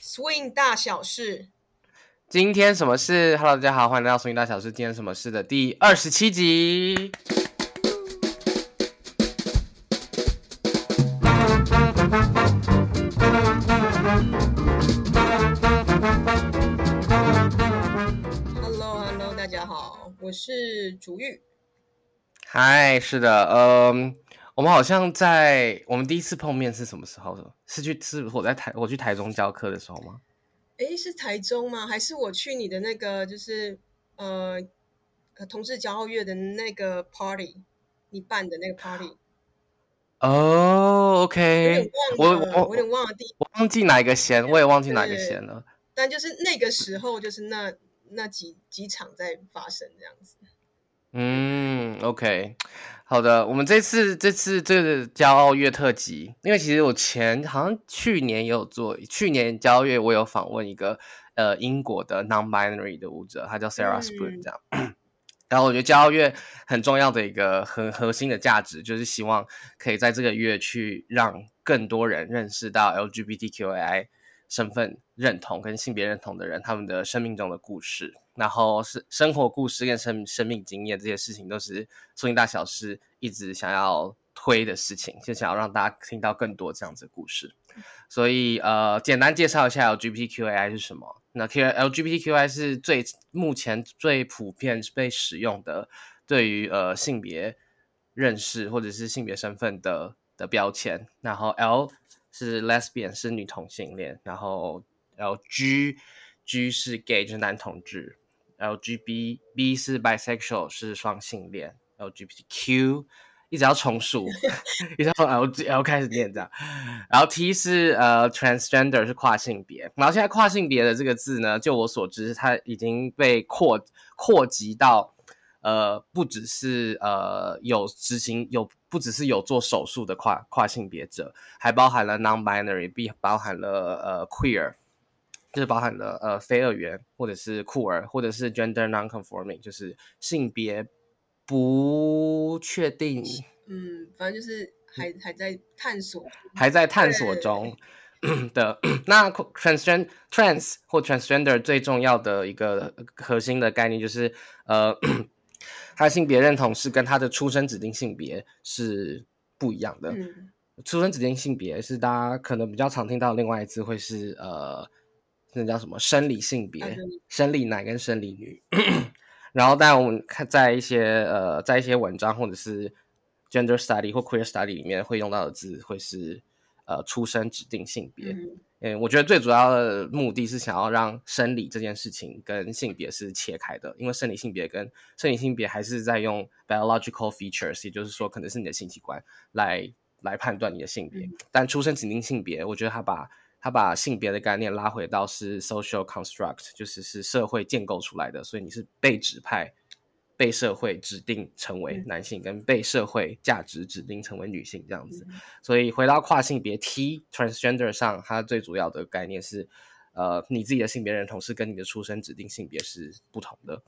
Swing 大小事，今天什麼事哈嘍，Hello, 大家好，歡迎來到 Swing 大小事，今天什麼事的第二十七集。哈嘍，哈嘍，大家好，我是竹玉。嗨，是的，嗯、呃，我們好像在我們第一次碰面是什麼時候的？是去是我在台我去台中教課的時候嗎？哎、欸，是台中嗎？還是我去你的那個就是呃呃同志驕傲月的那個 party 你辦的那個 party？哦，OK，我我有點忘了第我，我，我，我忘記哪一個先，我也忘記哪一個先了。但就是那個時候，就是那那幾幾場在發生這樣子。嗯，OK。好的，我們這次這次這個驕傲月特輯，因為其實我前好像去年也有做，去年驕傲月我有訪問一個呃英國的 non-binary 的舞者，他叫 Sarah Spring 這樣、嗯。然後我覺得驕傲月很重要的一個很核心的價值，就是希望可以在這個月去讓更多人認識到 LGBTQI。身份認同跟性別認同的人，他們的生命中的故事，然後是生活故事跟生生命經驗這些事情，都是 Swing 大小事一直想要推的事情，就想要讓大家聽到更多這樣子的故事。所以呃，簡單介紹一下 LGBTQI 是什麼？那 LGBTQI 是最目前最普遍被使用的對於呃性別認識或者是性別身份的的標籤，然後 L。是 lesbian 是女同性戀，然後 L G G 是 gay 就是男同志，L G B B 是 bisexual 是雙性戀，L G B T Q 一直要重述， 一直要 L L 開始念這樣，然後 T 是呃、uh, transgender 是跨性別，然後現在跨性別的這個字呢，就我所知，它已經被擴擴及到。呃，不只是呃有執行有，不只是有做手術的跨跨性別者，還包含了 non-binary，包含了呃 queer，就是包含了呃非二元或者是酷兒或者是 gender nonconforming，就是性別不確定。嗯，反正就是還還在探索，還在探索中的 那 trans trans 或 transgender 最重要的一個核心的概念就是呃。 他的性別認同是跟他的出生指定性別是不一樣的。出生指定性別是大家可能比較常聽到的另外一詞，會是呃，那叫什麼生理性別，生理男跟生理女。然後，但我們看在一些呃，在一些文章或者是 gender study 或 queer study 裡面會用到的字會是。呃，出生指定性別，嗯，我覺得最主要的目的是想要讓生理這件事情跟性別是切開的，因為生理性別跟生理性別還是在用 biological features，也就是說可能是你的性器官來來判斷你的性別，嗯。但出生指定性別，我覺得他把他把性別的概念拉回到是 social construct，就是是社會建構出來的，所以你是被指派。被社會指定成為男性，嗯，跟被社會價值指定成為女性這樣子，嗯，所以回到跨性別 T, transgender 上，它最主要的概念是，呃，你自己的性別認同是跟你的出生指定性別是不同的。嗯、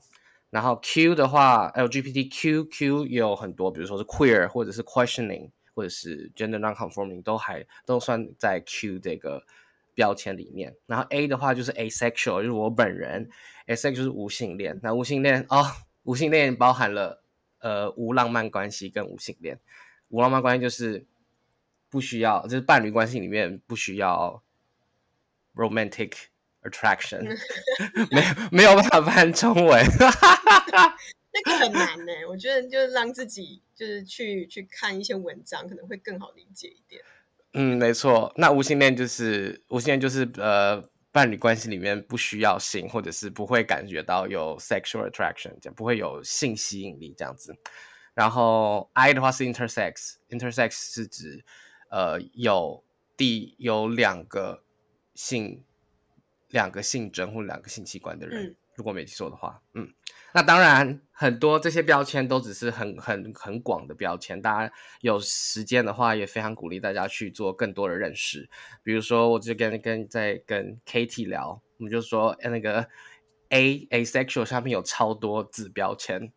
然後 Q 的話，LGBTQ，Q 也有很多，比如說是 queer，或者是 questioning，或者是 gender nonconforming，都還都算在 Q 這個標籤裡面。然後 A 的話就是 asexual，就是我本人、嗯、，asexual 就是無性戀。嗯、那無性戀啊。嗯哦。無性戀包含了呃無浪漫關係跟無性戀，無浪漫關係就是不需要，就是伴侶關係裡面不需要 romantic attraction， 沒沒有辦法翻中文， 那個很難呢、欸。我覺得就是讓自己就是去去看一些文章，可能會更好理解一點。嗯，沒錯。那無性戀就是無性戀就是呃。伴侶關係裡面，不需要性，或者是不會感覺到有 sexual attraction，就不會有性吸引力這樣子。然後 I 的話是 intersex，intersex intersex 是指，呃，有第有兩個性，兩個性徵或兩個性器官的人。嗯如果沒記錯的話，嗯，那當然很多這些標籤都只是很很很廣的標籤。大家有時間的話，也非常鼓勵大家去做更多的認識。比如說，我就跟跟在跟 KT 聊，我們就說那個 A asexual 上面有超多子標籤。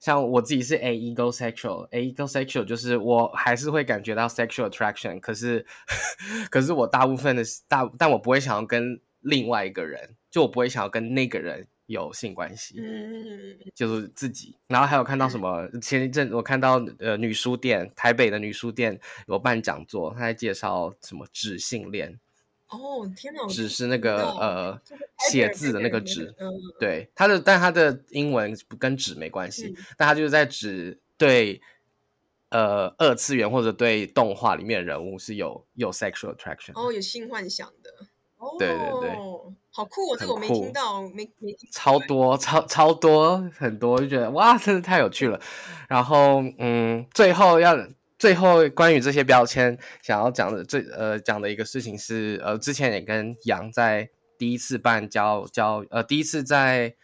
像我自己是 A ego sexual，A ego sexual 就是我還是會感覺到 sexual attraction，可是呵呵可是我大部分的大，但我不會想要跟另外一個人，就我不會想要跟那個人。有性關係，嗯，就是自己。然後還有看到什麼？嗯、前一陣我看到呃，女書店，台北的女書店有辦講座，他在介紹什麼紙性戀。哦，天哪！紙是那個呃，寫、就是那個、字的那個紙、呃。對，他的但他的英文不跟紙沒關係、嗯，但他就是在指對呃二次元或者對動畫裡面的人物是有有 sexual attraction，哦，有性幻想的。哦，對對對。哦好酷哦！這個我沒聽到，沒沒超多超超多很多，就覺得哇，真的太有趣了。然後，嗯，最後要最後關於這些標籤，想要講的最呃講的一個事情是，呃，之前也跟楊在第一次辦交交呃第一次在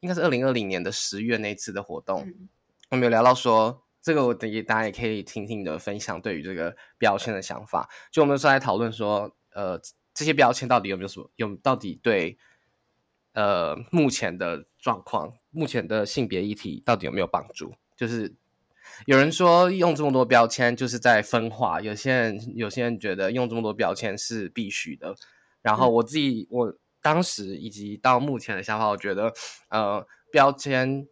應該是二零二零年的十月那次的活動，嗯、我們有聊到說這個我也，我等大家也可以聽聽你的分享對於這個標籤的想法。就我們是在討論說，呃。這些標籤到底有沒有什麼用？到底對，呃，目前的狀況、目前的性別議題到底有沒有幫助？就是有人說用這麼多標籤就是在分化，有些人有些人覺得用這麼多標籤是必須的。然後我自己、嗯、我當時以及到目前的想法，我覺得呃，標籤，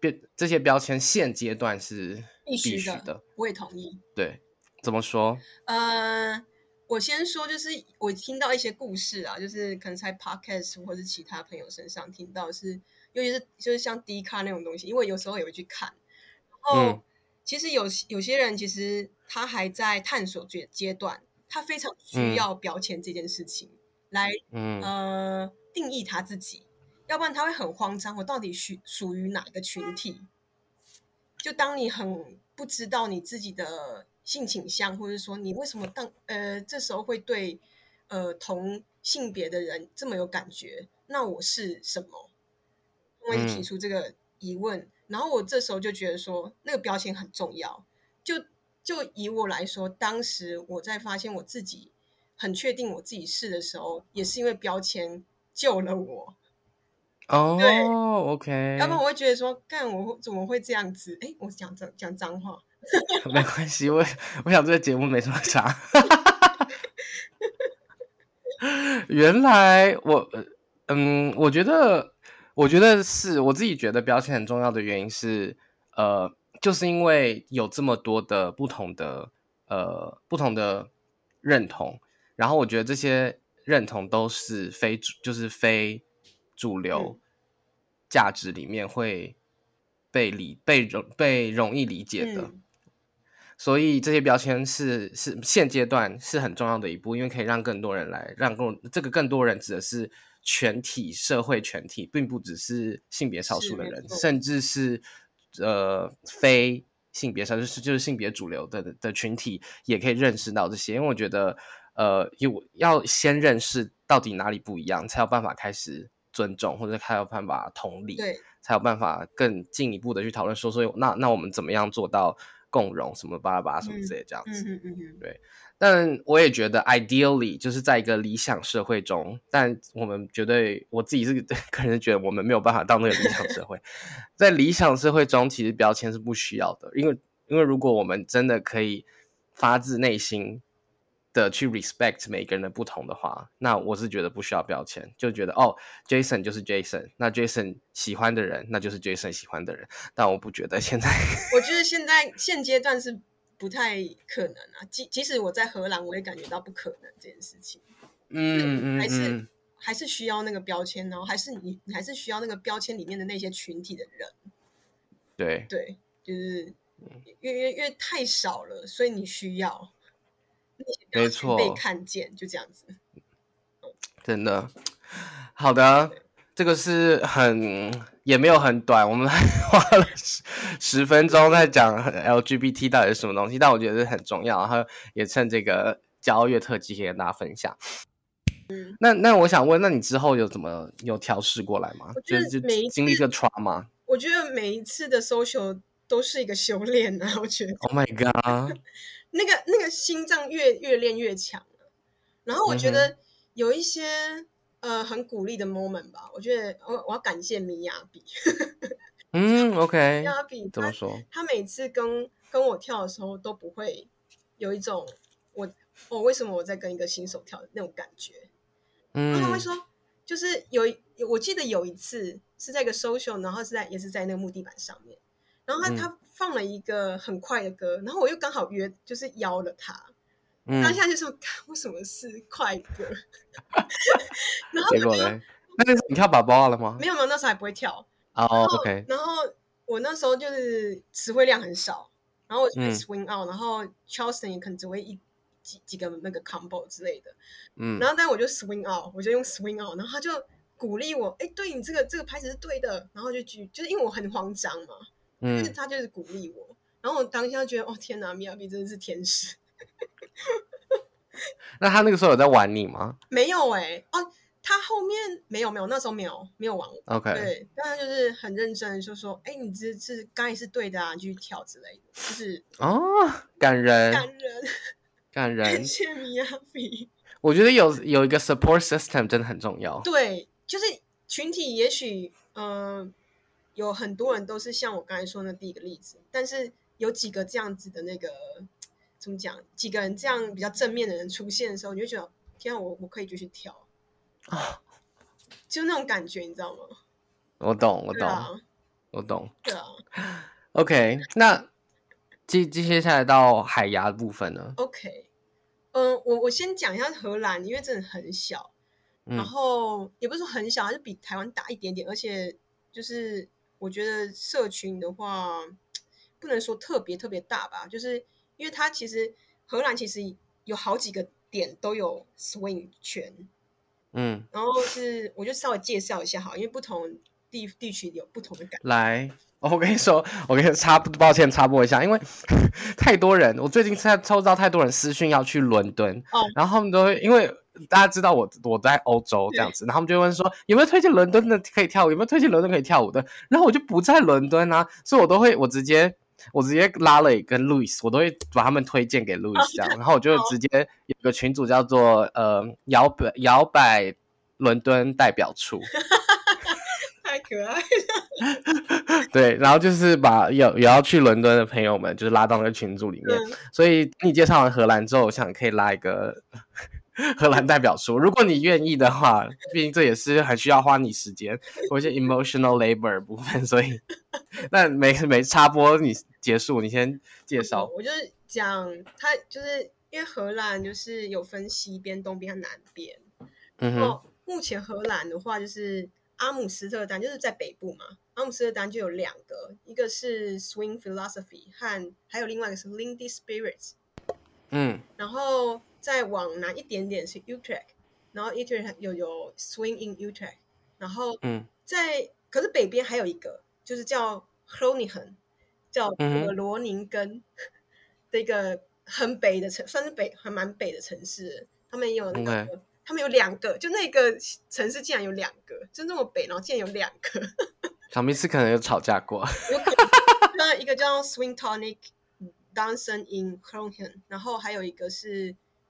這這些標籤現階段是必須的，必須的，我也同意。對，怎麼說？嗯、呃。我先說，就是我聽到一些故事啊，就是可能在 podcast 或是其他朋友身上聽到是，是尤其是就是像 D card 那種東西，因為有時候也會去看。然後，其實有、嗯、有些人其實他還在探索階階段，他非常需要標籤這件事情來、嗯，呃，定義他自己，要不然他會很慌張，我到底屬屬於哪個群體？就當你很不知道你自己的。性傾向，或者說你為什麼當呃這時候會對呃同性別的人這麼有感覺？那我是什麼？我也提出這個疑問、嗯，然後我這時候就覺得說那個標籤很重要。就就以我來說，當時我在發現我自己很確定我自己是的時候，也是因為標籤救了我。哦、嗯 Oh，OK。要不然我會覺得說，幹我怎麼會這樣子？誒，我講髒講，講髒話。 沒關係，我我想這個節目沒什麼差。 原來我嗯，我覺得我覺得是我自己覺得標籤很重要的原因是，呃，就是因為有這麼多的不同的呃不同的認同，然後我覺得這些認同都是非主就是非主流價值裡面會被理、嗯、被容被容易理解的。嗯所以這些標籤是是現階段是很重要的一步，因為可以讓更多人來讓更這個更多人指的是全體社會全體，並不只是性別少數的人，甚至是呃非性別少數、就是、就是性別主流的的群體也可以認識到這些。因為我覺得呃，要先認識到底哪裡不一樣，才有辦法開始尊重或者才有辦法同理，才有辦法更進一步的去討論說說，所以那那我們怎麼樣做到？縱容什麼巴拉巴拉什麼之類這樣子，對。但我也覺得，ideally 就是在一個理想社會中，但我們絕對我自己是個人覺得我們沒有辦法當那個理想社會。 在理想社會中，其實標籤是不需要的，因為因為如果我們真的可以發自內心，的去 respect 每個人的不同的話，那我是覺得不需要標籤，就覺得哦，Jason 就是 Jason，那 Jason 喜歡的人，那就是 Jason 喜歡的人。但我不覺得現在，我覺得現在現階段是不太可能啊，即即使我在荷蘭，我也感覺到不可能這件事情。嗯嗯，還是還是需要那個標籤呢？還是你你還是需要那個標籤裡面的那些群體的人？對對，就是越，因因因為太少了，所以你需要。沒錯，被看見就這樣子，真的，好的，這個是很也沒有很短，我們還花了十十分鐘在講 LGBT 到底是什麼東西，但我覺得很重要，然後也趁這個驕傲月特輯，可以跟大家分享。嗯，那那我想問，那你之後有怎麼有調適過來嗎？我覺得每，就是經歷一個 trauma，我覺得每一次的 social 都是一個修煉啊，我覺得。Oh my god。 那個那個心臟越越練越強了，然後我覺得有一些、嗯、呃很鼓勵的 moment 吧，我覺得我我要感謝米亞比， 嗯，OK，米亞比他怎麼說？他每次跟跟我跳的時候都不會有一種我哦為什麼我在跟一個新手跳的那種感覺，他、嗯、他會說就是有有我記得有一次是在一個 social，然後是在也是在那個木地板上面。然後他他放了一個很快的歌，嗯、然後我又剛好約就是邀了他，他、嗯、現在就說為什麼是快歌？ 然後結果呢？那就是你跳 Balboa 了嗎？沒有沒有，那時候還不會跳。哦、oh,，OK 然。然後我那時候就是詞彙量很少，然後我就 swing out，、嗯、然後 Charleston 也可能只會一幾幾個那個 combo 之類的。嗯。然後但我就 swing out，我就用 swing out，然後他就鼓勵我，哎，對你這個這個拍子是對的，然後就舉，就是因為我很慌張嘛。嗯，他就是鼓勵我、嗯，然後我當下覺得，哦天哪，米亞比真的是天使。 那他那個時候有在玩你嗎？沒有哎、欸，哦，他後面沒有沒有，那時候沒有沒有玩我。OK，對，但他就是很認真，就說說，哎，你這是剛也是對的啊，你就跳之類的，就是哦，感人，感人，感人。謝謝米亞比，我覺得有有一個 support system 真的很重要。對，就是群體，也許嗯。呃有很多人都是像我剛才說的那第一個例子，但是有幾個這樣子的那個怎麼講？幾個人這樣比較正面的人出現的時候，你就覺得天啊，我我可以繼續跳啊，就那種感覺，你知道嗎？我懂，我懂，啊、我懂，我懂。對啊，OK，那接接下來到海牙的部分呢？OK，嗯，我我先講一下荷蘭，因為真的很小，然後、嗯、也不是說很小，還是比台灣大一點點，而且就是。我覺得社群的話，不能說特別特別大吧，就是因為它其實荷蘭其實有好幾個點都有 swing 圈，嗯，然後是我就稍微介紹一下好，因為不同地地區有不同的感覺。來，我跟你說，我跟你插，抱歉插播一下，因為呵呵太多人，我最近在抽到太多人私訊要去倫敦，哦，然後他們都會因為。大家知道我我在歐洲這樣子，然後他們就會問說有沒有推薦倫敦的可以跳舞，有沒有推薦倫敦可以跳舞的。然後我就不在倫敦啊，所以我都會我直接我直接拉了一跟路易斯，我都會把他們推薦給路易斯這樣。Oh, okay. 然後我就直接有個群組叫做、oh. 呃搖擺搖擺倫敦代表處， 太可愛了。 對，然後就是把有有要去倫敦的朋友們就是拉到那個群組裡面。Yeah. 所以你介紹完荷蘭之後，我想可以拉一個。荷蘭代表說：“如果你願意的話，畢竟這也是很需要花你時間，有些 emotional labor 部分。所以，那每次沒插播你結束，你先介紹。嗯、我就是講他，就是因為荷蘭就是有分西邊、東邊和南邊。然後目前荷蘭的話，就是阿姆斯特丹就是在北部嘛。阿姆斯特丹就有兩個，一個是 Swing Philosophy，和還有另外一個是 Lindy Spirits。嗯，然後。”再往南一點點是 Utrecht，然後 Utrecht 有有 Swing in Utrecht，然後在嗯，在可是北邊還有一個，就是叫 Groningen 叫格羅寧根的一個很北的城，嗯，算是北還蠻北的城市。他們有那個，他、okay、們有兩個，就那個城市竟然有兩個，就那麼北，然後竟然有兩個。小 米斯可能有吵架過， 有一，個有一個叫 Swing Tonic Dancing in Groningen 然後還有一個是。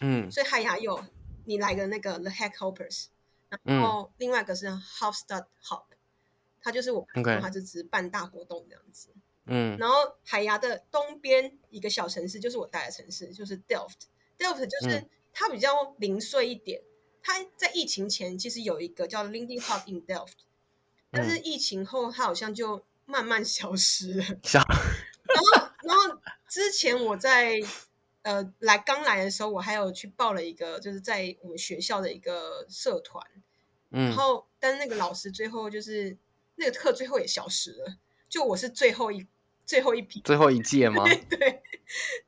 嗯，所以海牙有你來個那個 The Hackhoppers，、嗯、然後另外一個是 Hofstad Hop，它就是我看到、okay. 它這支辦大活動這樣子。嗯，然後海牙的東邊一個小城市就是我待的城市，就是 Delft、嗯。Delft 就是它比較零碎一點、嗯，它在疫情前其實有一個叫 Lindy Hop in Delft，、嗯、但是疫情後它好像就慢慢消失了。然後， 然後之前我在。呃，來剛來的時候，我還有去報了一個，就是在我們學校的一個社團，嗯、然後但是那個老師最後就是那個課最後也消失了，就我是最後一最後一批，最後一屆嗎？ 對，對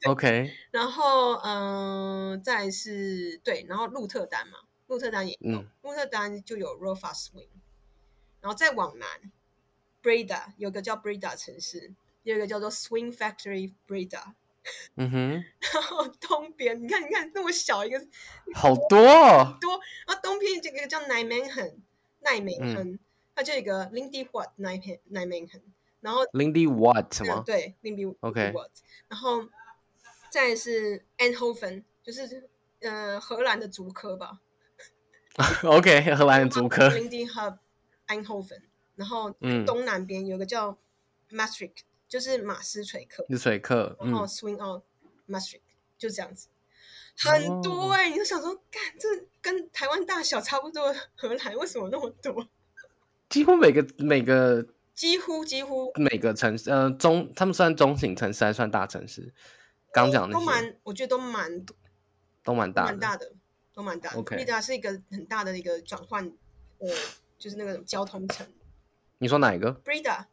，OK。然後嗯、呃，再是對，然後鹿特丹嘛，鹿特丹也有，鹿特丹、嗯、就有 Rofa Swing，然後再往南，Breda 有個叫 Breda 城市，有一個叫做 Swing Factory Breda。嗯哼， 然後東邊，你看，你看，那麼小一個，好多，多。然後東邊這個叫奈梅亨，奈梅亨，它就一個 Lindy Watt h 奈片奈梅亨。然後 Lindy What 嘛，對，Lindy OK What 然後，再是 Eindhoven 就是呃，荷蘭的竹科吧。OK，荷蘭的竹科。Lindy Hub Eindhoven。然後，東南邊有個叫 Maastricht 就是馬斯垂克，就是垂克，然後 swing on、嗯、Maastricht 就這樣子，哦、很多哎、欸，你就想說，幹，這跟台灣大小差不多，荷蘭為什麼那麼多？幾乎每個每個，幾乎幾乎每個城市，呃，中他們算中型城市還算大城市？剛講的都蠻，我覺得都蠻，都蠻大的，大的都蠻大的。Okay. Breda 是一個很大的一個轉換，呃、oh,，就是那個交通城。你說哪一個？Breda。Brida,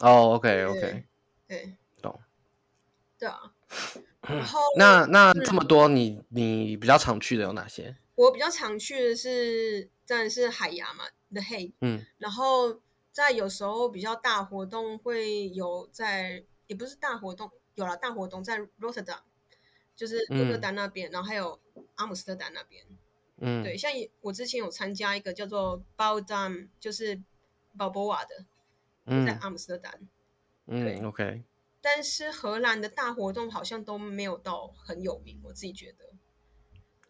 哦、oh,，OK，OK，okay, okay. 對，懂，oh. 對啊。然後 那那這麼多，嗯、你你比較常去的有哪些？我比較常去的是，當然是海牙嘛，The Hague 嗯。然後在有時候比較大活動會有在，在也不是大活動，有了大活動在 Rotterdam，就是鹿特丹那邊、嗯，然後還有阿姆斯特丹那邊。嗯。對，像我之前有參加一個叫做 Bau Dam，就是 b o b o a 的。在阿姆斯特丹，嗯，嗯，OK。但是荷蘭的大活動好像都沒有到很有名，我自己覺得。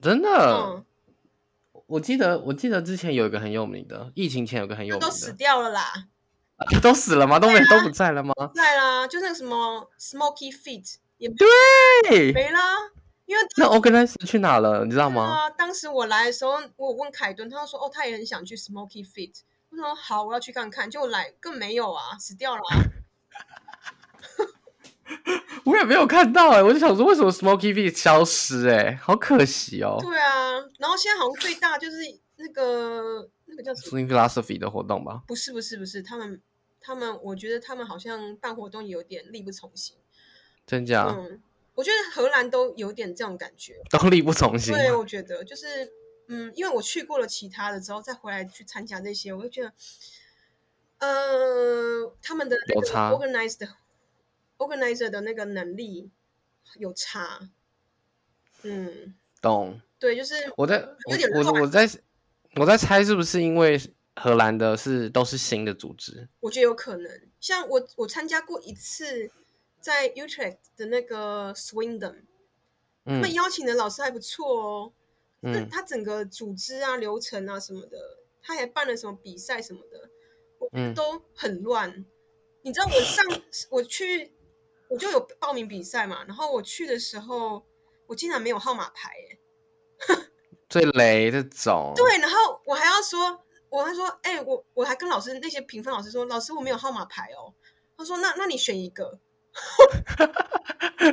真的？嗯、我記得，我記得之前有一個很有名的，疫情前有個很有名的，都死掉了啦。 都死了嗎？都沒、啊、都不在了嗎？在啦，就那個什麼 Smoky Feet，也不對，沒啦。因為那 organizer 去哪了？你知道嗎、啊？當時我來的時候，我問凱頓，他說：“哦，他也很想去 Smoky Feet。”說好，我要去看看，就來更沒有啊，死掉了、啊。 我也沒有看到哎、欸，我就想說，為什麼 Smokey Feet 消失，哎、欸，好可惜哦、喔。對啊，然後現在好像最大就是那個 那個叫什麼、Swing、Philosophy 的活動吧？不是不是不是，他們他們，我覺得他們好像辦活動有點力不從心。真假？嗯，我覺得荷蘭都有點這種感覺，都力不從心、啊。對，我覺得就是。嗯，因為我去過了其他的之後，再回來去參加那些，我就覺得，呃，他們的那個 organized organizer 的那個能力有差。嗯，懂。對，就是我在有點我,我,我在我在猜是不是因為荷蘭的是都是新的組織，我覺得有可能。像我我參加過一次在 Utrecht 的那個 Swingdom，他們邀請的老師還不錯哦。嗯他整個組織啊、嗯、流程啊什麼的，他還辦了什麼比賽什麼的，嗯、都很亂。你知道我上我去我就有報名比賽嘛，然後我去的時候，我竟然沒有號碼牌耶， 最雷的種。對，然後我還要說，我還說，哎、欸，我我還跟老師那些評分老師說，老師我沒有號碼牌哦。他說，那那你選一個。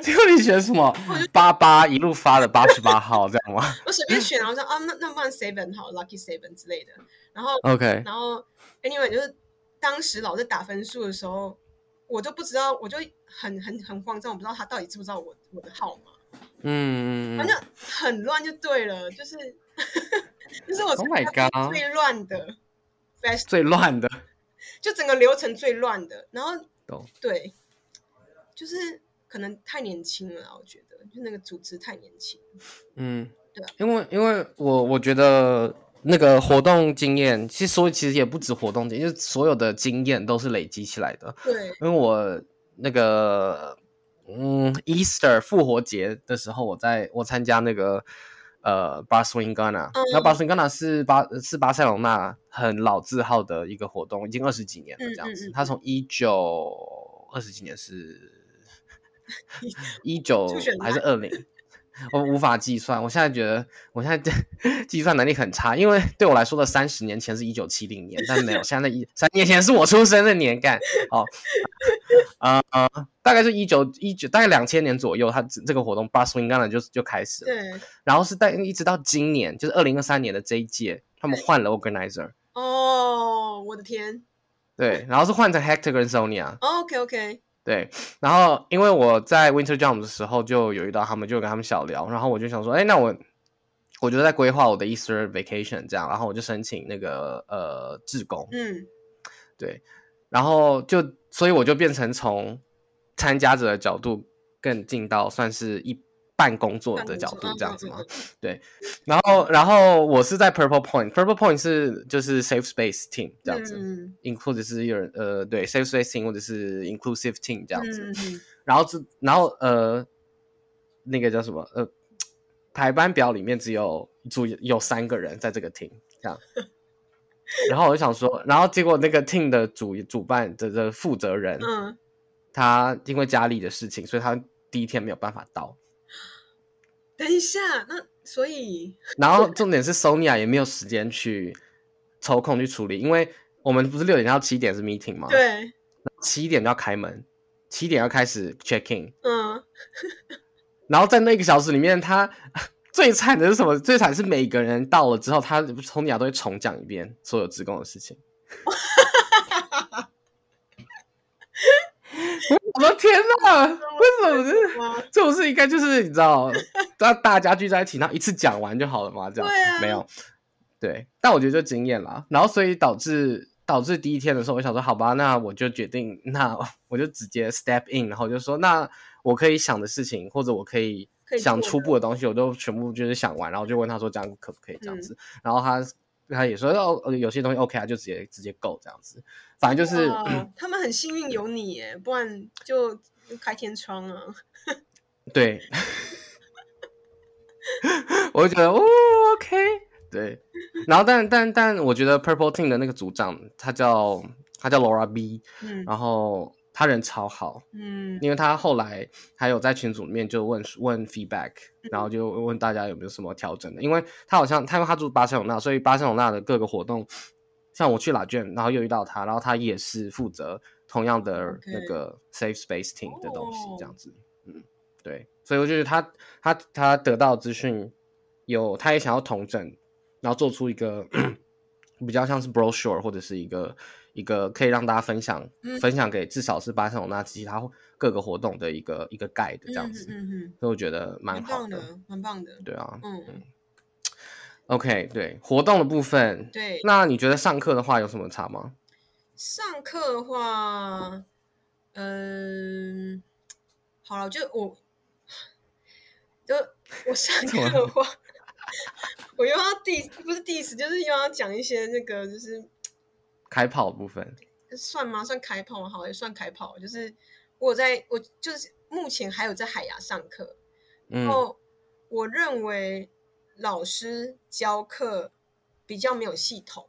最 果你選什麼？八八一路發的八十八號這樣嗎？ 我隨便選，然後說啊，那那不然 seven 好，lucky seven 之類的。然後 OK，然後 Anyway 就是當時老師打分數的時候，我就不知道，我就很很很慌張，我不知道他到底知不知道我我的號碼？嗯，反正很亂就對了，就是 就是我亂的，Oh my God，最亂的，Best 最亂的，就整個流程最亂的。然後、Oh. 對，就是。可能太年輕了，我覺得就那個組織太年輕。嗯，對吧，因為因為我我覺得那個活動經驗，其實說其實也不止活動經驗，就是所有的經驗都是累積起來的。對，因為我那個嗯，Easter 復活節的時候，我在我參加那個呃 Barswing Ghana，嗯那 Barswing Ghana 是巴是巴塞羅那很老字號的一個活動，已經二十幾年了這樣子。他、嗯嗯嗯、從一 19... 九二十幾年是。一九還是二零？ 我無法計算。我現在覺得，我現在計 算能力很差，因為對我來說的三十年前是一九七零年， 但沒有，現在一三年前是我出生的年干 哦。啊、呃、啊、呃，大概是一九一九，大概兩千年左右，他這個活動 Busking 就就開始了。對，然後是在一直到今年，就是二零二三年的這一屆，他們換了 Organizer。哦，我的天！對，然後是換成 Hector 跟 Sonya。OK OK。對，然後因為我在 Winter Jump 的時候就有遇到他們，就跟他們小聊，然後我就想說，哎，那我我就在規劃我的 Easter vacation 這樣，然後我就申請那個呃志工，嗯，對，然後就所以我就變成從參加者的角度更進到算是一。辦工作的角度這樣子嗎？ 對，然後然後我是在 Purple Point，Purple Point 是就是 Safe Space Team 這樣子，或者是有人呃對 Safe Space Team 或者是 Inclusive Team 這樣子。嗯、然後是然後呃那個叫什麼呃排班表裡面只有組有三個人在這個 Team 這樣， 然後我就想說，然後結果那個 Team 的主主辦的的負責人，嗯，他因為家裡的事情，所以他第一天沒有辦法到。等一下，那所以，然後重點是 Sonia 也沒有時間去抽空去處理，因為我們不是六點到七點是 meeting 嗎？對，七點就要開門，七點要開始 checking，嗯， 然後在那一個小時裡面，他最慘的是什麼？最慘的是每個人到了之後，他 Sonia 都會重講一遍所有職工的事情。 我的天吶！為什麼是這， 這種事應該就是你知道，大大家聚在一起，那一次講完就好了嘛，這樣子，對啊。沒有。對，但我覺得就驚艷了。然後，所以導致導致第一天的時候，我想說，好吧，那我就決定，那我就直接 step in，然後就說，那我可以想的事情，或者我可以想初步的東西，我都全部就是想完，然後就問他說，這樣可不可以這樣子？嗯、然後他他也說，哦，有些東西 OK 啊，就直接直接 go 這樣子。反正就是，嗯，他們很幸運有你，不然就，就開天窗了。 對， 我就覺得，哦，OK，對。然後但，但但但，我覺得 Purple Team 的那個組長，他叫他叫 Laura B、嗯、然後他人超好，嗯，因為他後來還有在群組裡面就問問 feedback，然後就問大家有沒有什麼調整的，嗯，因為他好像，他他住巴塞羅那，所以巴塞羅那的各個活動。像我去拉卷，然後又遇到他，然後他也是負責同樣的那個 safe space team 的東西，Okay. Oh. 這樣子，嗯，對，所以我覺得他他他得到資訊有，有他也想要統整，然後做出一個 比較像是 brochure 或者是一個一個可以讓大家分享、嗯、分享給至少是巴塞隆納其他各個活動的一個一個 guide 這樣子。嗯，哼嗯哼，所以我覺得蠻好的，蠻棒，棒的，對啊，嗯。嗯 OK，對，活動的部分，對，那你覺得上課的話有什麼差嗎？上課的話，嗯、呃，好了，我就我，就我上課的話， 我又要第不是第一次，就是又要講一些那個，就是開跑的部分。算嗎？算開跑好、欸，也算開跑，就是我在，我就是目前還有在海牙上課，然後我認為。嗯老師教課比較沒有系統，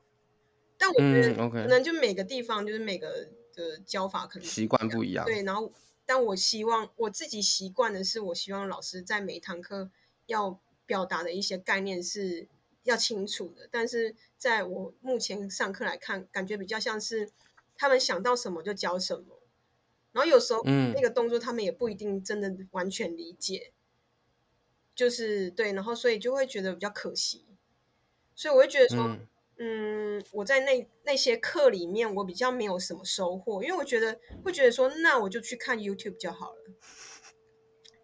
但我覺得、嗯 okay、可能就每個地方就是每個的教法可能習慣不一樣。對，然後但我希望我自己習慣的是，我希望老師在每一堂課要表達的一些概念是要清楚的。但是在我目前上課來看，感覺比較像是他們想到什麼就教什麼，然後有時候那個動作他們也不一定真的完全理解。嗯就是對，然後所以就會覺得比較可惜，所以我會覺得說，嗯，嗯，我在那那些課裡面，我比較沒有什麼收穫，因為我覺得會覺得說，那我就去看 YouTube 就好了。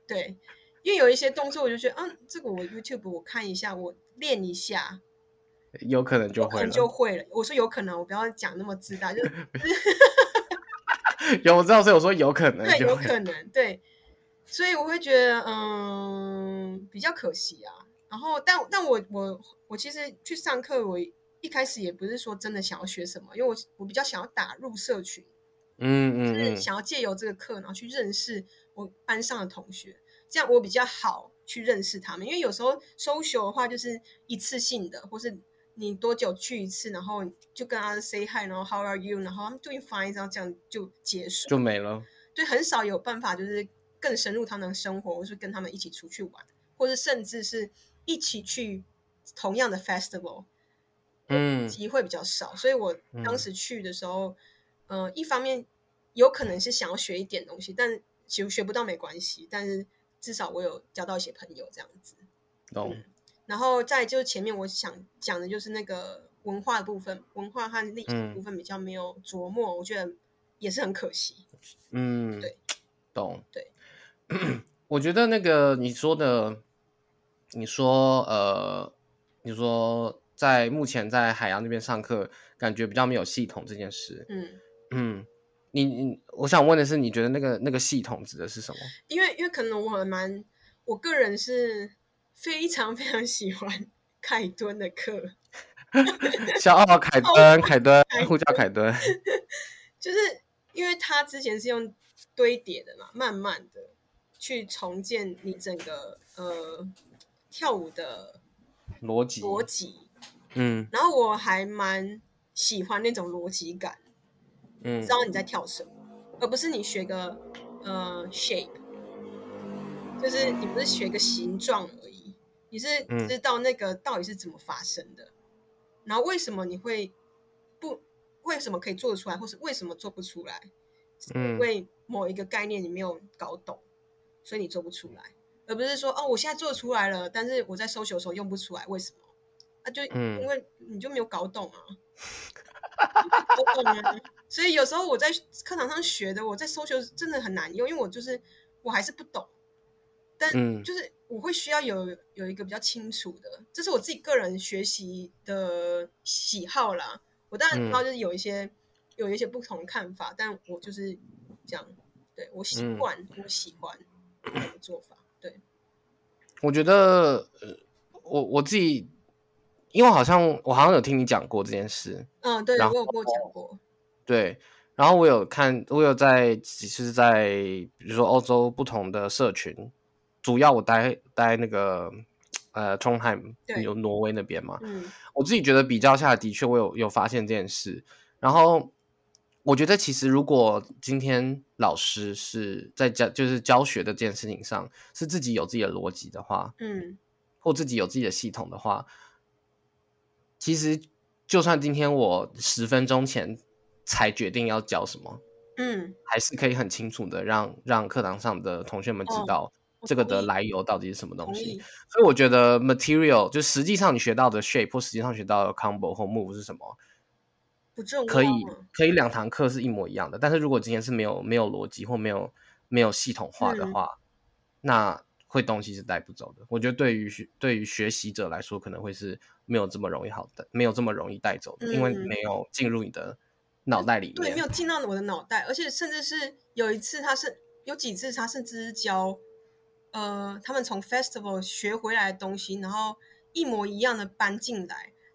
對，因為有一些動作，我就覺得，嗯、啊，這個我 YouTube 我看一下，我練一下，有可能就會了。就會了。我說有可能，我不要講那麼自大，就 有我知道，所以我說有可能，對，有可能，對。所以我會覺得，嗯，比較可惜啊。然後，但但我我我其實去上課，我一開始也不是說真的想要學什麼，因為我我比較想要打入社群，嗯嗯，就是、想要借由這個課，然後去認識我班上的同學，這樣我比較好去認識他們。因為有時候 social 的話，就是一次性的，或是你多久去一次，然後就跟他 say hi，然後 how are you，然後他們 doing fine，然後這樣就結束，就沒了。對，很少有辦法就是。更深入他們的生活，或是跟他們一起出去玩，或者甚至是一起去同樣的 festival，嗯，機會比較少，所以我當時去的時候，嗯，呃，一方面有可能是想要學一點東西，但其實學不到沒關係，但是至少我有交到一些朋友，這樣子。懂。嗯，然後再就是前面我想講的就是那個文化部分，文化和歷史部分比較沒有琢磨，嗯，我覺得也是很可惜。嗯，對，懂，對。 我覺得那個你說的，你說呃，你說在目前在海牙那邊上課，感覺比較沒有系統這件事。嗯嗯，你你，我想問的是，你覺得那個那個系統指的是什麼？因為因為可能我蠻，我個人是非常非常喜歡凱頓的課，小 奧凱頓， 凱頓，凱頓，呼叫凱頓，就是因為他之前是用堆疊的嘛，慢慢的。去重建你整個呃跳舞的邏輯邏輯，嗯，然後我還蠻喜歡那種邏輯感，嗯，知道你在跳什麼，而不是你學個呃 shape，就是你不是學個形狀而已，你是知道那個到底是怎麼發生的，嗯、然後為什麼你會不為什麼可以做得出來，或是為什麼做不出來，是、嗯、因為某一個概念你沒有搞懂。所以你做不出來，而不是說哦，我現在做出來了，但是我在 social 的時候用不出來，為什麼？啊，就因為你就沒有搞懂啊。嗯、懂啊 所以有時候我在課堂上學的，我在 social 真的很難用，因為我就是我還是不懂。但就是我會需要有有一個比較清楚的，這是我自己個人學習的喜好啦。我當然知道，就是有一些有、嗯、有一些不同的看法，但我就是這樣，對，我習慣、嗯，我喜歡。的做法對，我覺得呃，我我自己，因為好像我好像有聽你講過這件事，嗯、哦，對，跟我過講過，對，然後我有看，我有在只是在比如說歐洲不同的社群，主要我待待那個呃 Trondheim，有挪威那邊嘛，嗯，我自己覺得比較下來的確我有有發現這件事，然後。我覺得其實，如果今天老師是在教，就是教學的這件事情上，是自己有自己的邏輯的話，嗯，或自己有自己的系統的話，其實就算今天我十分鐘前才決定要教什麼，嗯，還是可以很清楚的讓讓課堂上的同學們知道這個的來由到底是什麼東西，嗯。所以我覺得 material 就實際上你學到的 shape 或實際上學到的 combo 或 move 是什麼。不啊、可以，可以兩堂課是一模一樣的，但是如果今天是沒有沒有邏輯或沒有沒有系統化的話、嗯，那會東西是帶不走的。我覺得對於對於學習者來說，可能會是沒有這麼容易好的，沒有這麼容易帶走的，的、嗯，因為沒有進入你的腦袋裡面，對，沒有進到我的腦袋，而且甚至是有一次，他是有幾次，他甚至是教呃他們從 festival 學回來的東西，然後一模一樣的搬進來。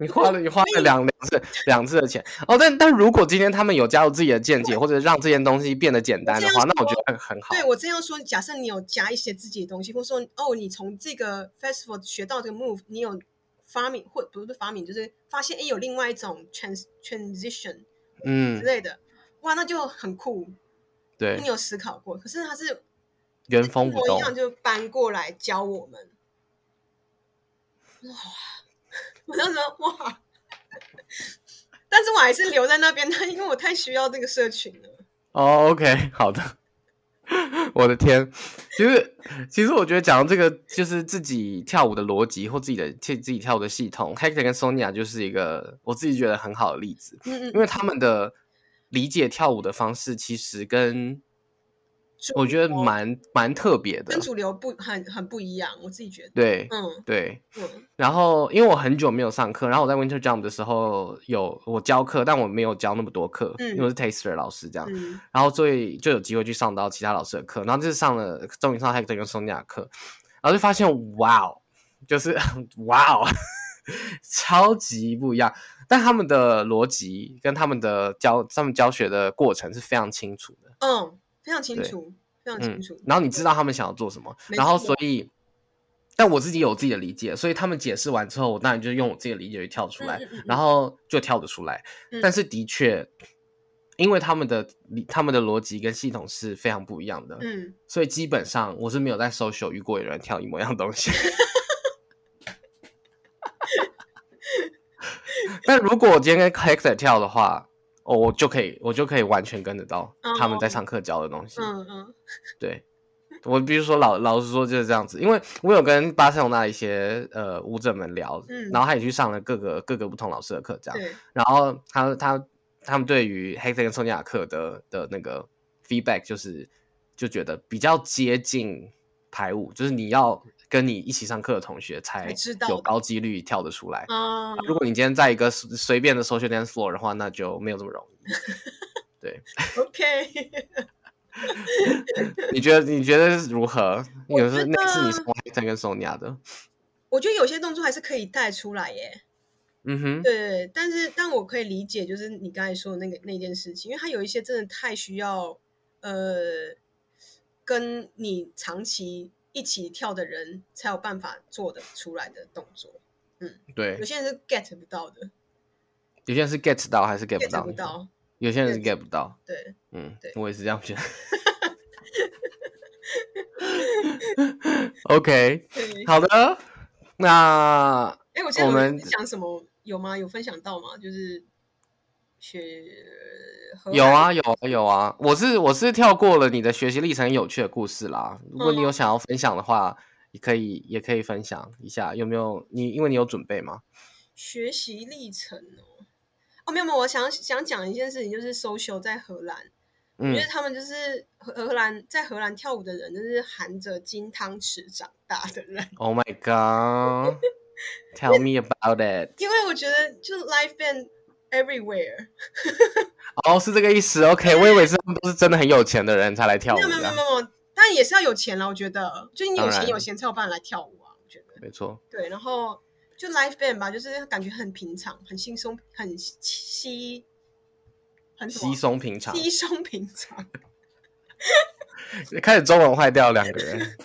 你花了，你花了兩、哦、兩次兩次的錢哦，但但如果今天他們有加入自己的見解，或者讓這件東西變得簡單的話，我那我覺得很好。對，我這樣說，假設你有加一些自己的東西，或者說哦，你從這個 festival 學到這個 move，你有發明或不是發明，就是發現哎，有另外一種 trans transition，嗯之類的、嗯，哇，那就很酷。對，你有思考過？可是他是原封不動一樣就搬過來教我們，哇。我說哇，但是我還是留在那邊的，因為我太需要這個社群了。哦、oh，OK，好的， 我的天，其實其實我覺得講到這個就是自己跳舞的邏輯或自己的自自己跳舞的系統，Hector 跟 Sonia 就是一個我自己覺得很好的例子，mm-hmm. 因為他們的理解跳舞的方式其實跟我，我覺得蠻蠻特別的，跟主流不很很不一樣。我自己覺得，對，嗯，對，然後因為我很久沒有上課，然後我在 Winter Jump 的時候有我教課，但我沒有教那麼多課，嗯、因為我是 Taster 老師這樣、嗯。然後所以就有機會去上到其他老師的課，然後就是上了終於上了他一個松雅課，然後就發現哇哦，就是哇哦，超級不一樣。但他們的邏輯跟他們的教他們教學的過程是非常清楚的，嗯。非常清楚，非常清楚、嗯。然後你知道他們想要做什麼，嗯、然後所以，但我自己有自己的理解，所以他們解釋完之後，我當然就用我自己的理解去跳出來，嗯嗯嗯嗯，然後就跳得出來、嗯。但是的確，因為他們的理他們的邏輯跟系統是非常不一樣的，嗯，所以基本上我是沒有在 social 遇過有人跳一模一樣東西。 但如果我今天跟 Kex 跳的話。哦、oh,，我就可以，我就可以完全跟得到他們在上課教的東西。嗯嗯，對，我必須說老老實說就是這樣子，因為我有跟巴塞羅那一些呃舞者們聊、嗯，然後他也去上了各個各個不同老師的課，這樣，然後他他他,他們對於黑森跟蘇尼亞克的的那個 feedback 就是就覺得比較接近排舞，就是你要。跟你一起上課的同學才有高幾率跳得出來啊、嗯！如果你今天在一個隨便的 social dance floor 的話，那就沒有這麼容易。 對，OK， 你覺得你覺得是如何？有時那是你跟、SONIA、的，我覺得有些動作還是可以帶出來耶。嗯哼，對，但是但我可以理解，就是你剛才說的那個那件事情，因為它有一些真的太需要呃，跟你長期。一起跳的人才有辦法做的出來的動作，嗯，對，有些人是 get 不到的，有些人是 get 到還是 get 不到？不到有些人是 get 不到，對，嗯，對，我也是這樣覺得。 OK，好的，那哎、欸，我記得我們講什麼有嗎？有分享到嗎？就是。去有啊有啊有啊！我是我是跳過了你的學習歷程有趣的故事啦。如果你有想要分享的話，也、哦、可以也可以分享一下，有沒有？你因為你有準備嗎？學習歷程哦哦沒有沒有，我想想講一件事情，就是 social 在荷蘭，因、嗯、為他們就是荷荷蘭在荷蘭跳舞的人，就是含着金湯匙長大的人。Oh my god，tell me about it 因。因為我覺得就 live band。Everywhere，哦、oh, 是這個意思。OK，我以為是都是真的很有錢的人才來跳舞。沒有沒有沒有，但也是要有錢啦。我覺得，就你有錢，有錢才有辦法來跳舞啊。我覺得沒錯。對，然後就 Live Band 吧，就是感覺很平常，很輕鬆，很稀，很稀鬆平常，稀鬆平常。 開始中文壞掉，兩個人。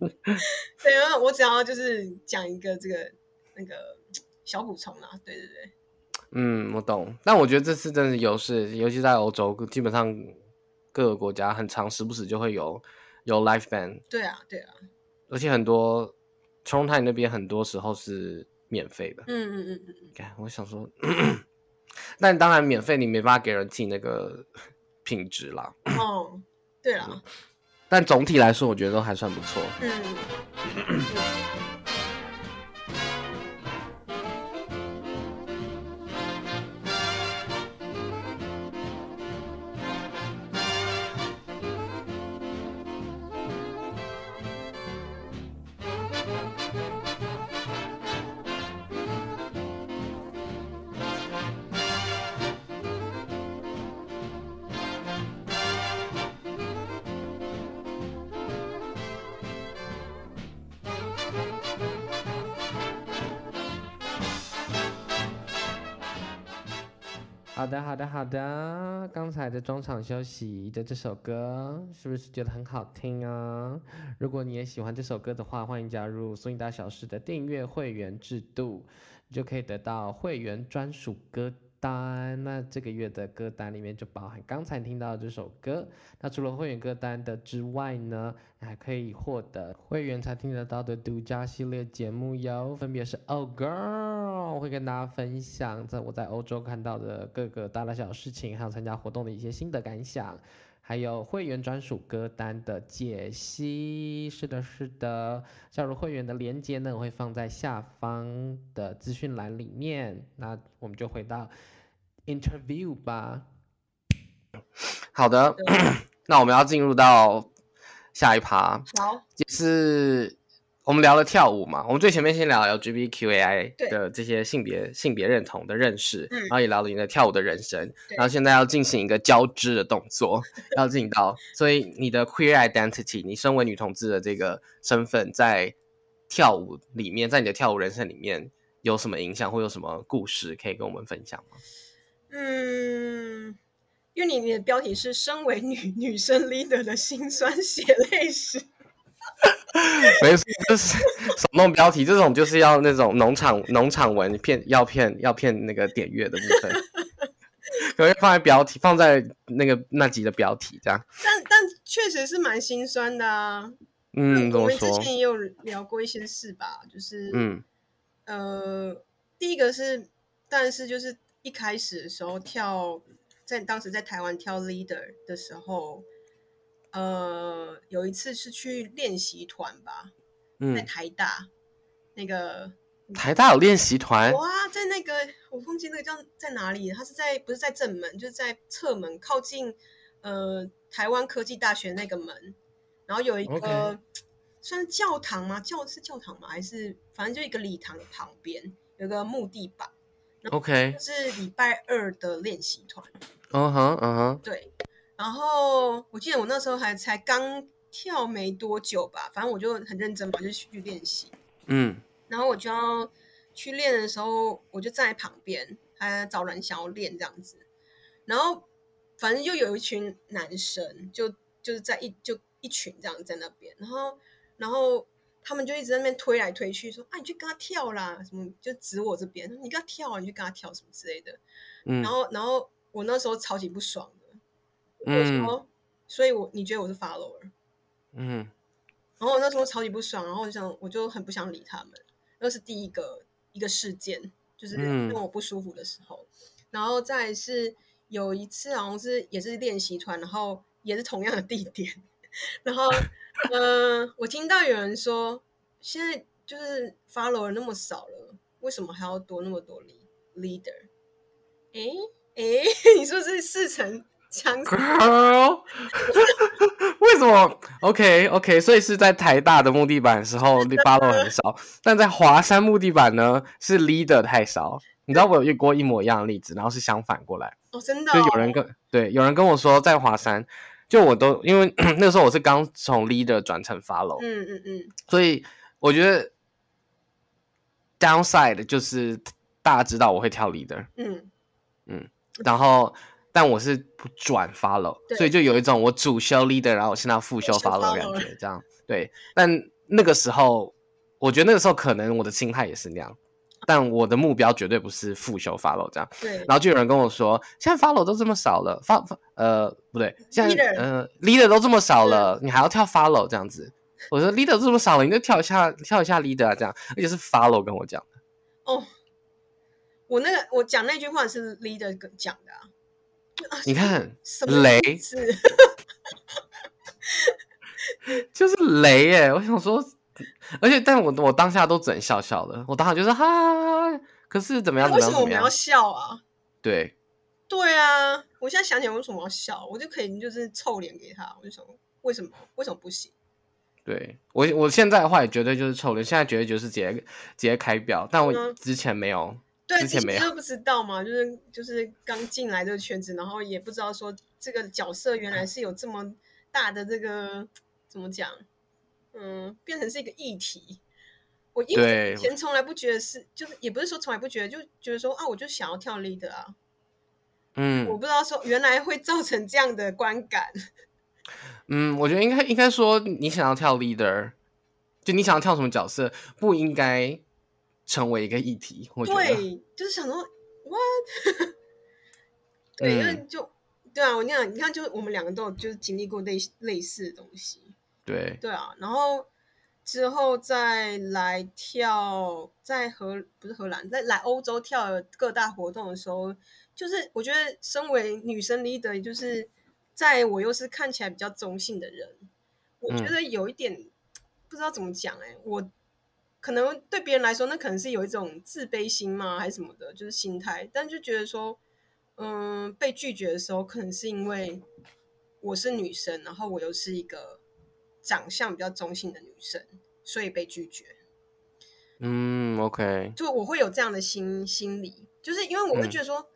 對啊，我只要就是講一個這個那個小補充啦，對對對。嗯，我懂，但我覺得這次真的有事，尤其在歐洲，基本上各個國家很常，時不時就會有有 live band。對啊，對啊。而且很多，沖泰那邊很多時候是免費的。嗯嗯嗯嗯看，我想說咳咳，但當然免費你沒辦法 guarantee 那個品質啦。哦，對啊。 但總體來說，我覺得都還算不錯。嗯。嗯剛才的中場休息的這首歌，是不是覺得很好聽啊？如果你也喜歡這首歌的話，歡迎加入 Swing 大小事的訂閱會員制度，你就可以得到會員專屬歌。單，那這個月的歌單裡面就包含剛才聽到這首歌。那除了會員歌單的之外呢，還可以獲得會員才聽得到的獨家系列節目喲，分別是《Oh Girl》，我會跟大家分享，在我在歐洲看到的各個大大小小事情，還有參加活動的一些心得感想。還有會員專屬歌單的解析，是的，是的。加入會員的連接呢，我會放在下方的資訊欄裡面。那我們就回到 interview 吧。好的， 那我們要進入到下一趴。好，就是。我們聊了跳舞嘛，我們最前面先聊 l g b q a i 的這些性別性別認同的認識、嗯，然後也聊了你的跳舞的人生，然後現在要進行一個交織的動作，要進到， 所以你的 queer identity，你身為女同志的這個身份在跳舞裡面，在你的跳舞人生裡面有什麼影響，或有什麼故事可以跟我們分享嗎？嗯，因為你你的標題是“身為女女生 leader 的辛酸血淚史”。 沒事，就是弄動標題這種就是要那種農場農場文騙要騙要騙那個點閱的部分，可以 放在標題，放在那個那集的標題這樣。但但確實是蠻辛酸的啊。嗯，怎麼說？我之前也有聊過一些事吧，就是嗯呃，第一個是，但是就是一開始的時候跳，在當時在台灣跳 leader 的時候。呃，有一次是去練習團吧，在台大、嗯、那個台大有練習團哇，在那個我忘記那個叫在哪裡，他是在不是在正門，就是在側門靠近呃台灣科技大學那個門，然後有一個、okay. 算教堂嗎？教是教堂嗎？還是反正就一個禮堂的旁邊有個木地板，OK，是禮拜二的練習團，嗯哼嗯哼，對。然後我記得我那時候還才剛跳沒多久吧，反正我就很認真嘛，就去去練習。嗯。然後我就要去練的時候，我就站在旁邊，還在找人想要練這樣子。然後反正就有一群男生，就就是在一就一群這樣在那邊。然後然後他們就一直在那邊推來推去，說啊，你去跟他跳啦，什麼就指我這邊，你跟他跳啊，你去跟他跳什麼之類的。嗯。然後然後我那時候超級不爽。我說、嗯，所以我你覺得我是 follower，嗯，然後那時候超級不爽，然後我就想我就很不想理他們。那是第一個一個事件，就是讓我不舒服的時候。嗯、然後再是有一次，好像是也是練習團，然後也是同樣的地點，然後嗯、 呃，我聽到有人說，現在就是 follower 那麼少了，為什麼還要多那麼多 leader？哎哎，你說這是事成？Girl 為什麼？OK，OK，okay, okay, 所以是在台大的木地板的時候，你 follow 很少；但在華山木地板呢，是 Leader 太少。你知道我有遇過一模一樣的例子，然後是相反過來。哦，真的。就有人跟，對，有人跟我說在華山，就我都因為 那時候我是剛從 Leader 轉成 Follow。嗯嗯嗯。所以我覺得 Downside 就是大家知道我會跳 Leader。嗯嗯，然後。但我是不轉 follow 所以就有一種我主修 leader，然後我現在副修 follow, 修 follow 感覺這樣。對，但那個時候我覺得那個時候可能我的心態也是那樣，但我的目標絕對不是副修 follow 這樣。對。然後就有人跟我說，現在 follow 都這麼少了，發，發呃不對，現在 leader, 呃 leader 都這麼少了，你還要跳 follow 這樣子？我說 leader 都這麼少了，你就跳一下跳一下 leader 啊，這樣。也是 follow 跟我講的。哦、oh,，我那個我講那句話是 leader 講的、啊你看雷， 就是雷耶、欸。我想說，而且，但我我當下都只能笑笑的。我當下就是哈啊啊啊啊，可是怎麼樣，怎麼樣，怎麼樣？啊、為什麼我們要笑啊？對，對啊，我現在想起來為什麼要笑，我就可以就是臭臉給他。我就想，為什麼？為什麼不行？對，我，我現在的話也絕對就是臭臉。現在絕對就是直接直接開表，但我之前沒有。嗯啊對，之前沒有不知道嘛，就是就是剛進來這個圈子，然後也不知道說這個角色原來是有這麼大的這個怎麼講，嗯，變成是一個議題。我因為以前從來不覺得是，就是也不是說從來不覺得，就覺得說啊，我就想要跳 leader 啊，嗯，我不知道說原來會造成這樣的觀感。嗯，我覺得應該應該說你想要跳 leader，就你想要跳什麼角色不應該。成為一個議題，我覺得對，就是想說哇，What 對，嗯、就對啊。我跟你講，你看，就是我們兩個都有就是經歷過類類似的東西，對對啊。然後之後再來跳，在荷不是荷蘭，在來歐洲跳各大活動的時候，就是我覺得身為女生 leader，就是在我又是看起來比較中性的人，嗯、我覺得有一點不知道怎麼講、欸，哎，我。可能對別人來說，那可能是有一種自卑心嘛，還是什麼的，就是心態。但就覺得說，嗯，被拒絕的時候，可能是因為我是女生，然後我又是一個長相比較中性的女生，所以被拒絕。嗯，OK，就我會有這樣的心心理，就是因為我會覺得說、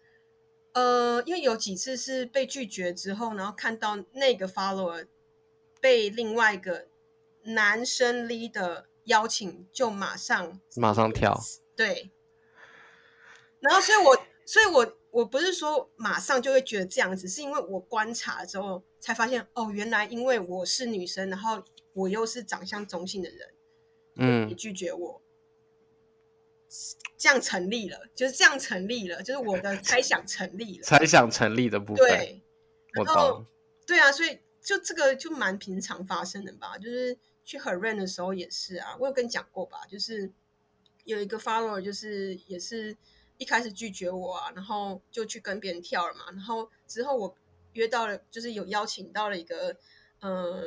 嗯，呃，因為有幾次是被拒絕之後，然後看到那個 follower 被另外一個男生 lead。邀請就馬上馬上跳對，然後所以我，我所以我，我我不是說馬上就會覺得這樣子，是因為我觀察了之後才發現，哦，原來因為我是女生，然後我又是長相中性的人，嗯，拒絕我，嗯，這樣成立了，就是這樣成立了，就是我的猜想成立了，猜想成立的部分，對，然後對啊，所以就這個就蠻平常發生的吧，就是。去很 ran 的時候也是啊，我有跟你講過吧？就是有一個 follower，就是也是一開始拒絕我啊，然後就去跟別人跳了嘛。然後之後我約到了，就是有邀請到了一個呃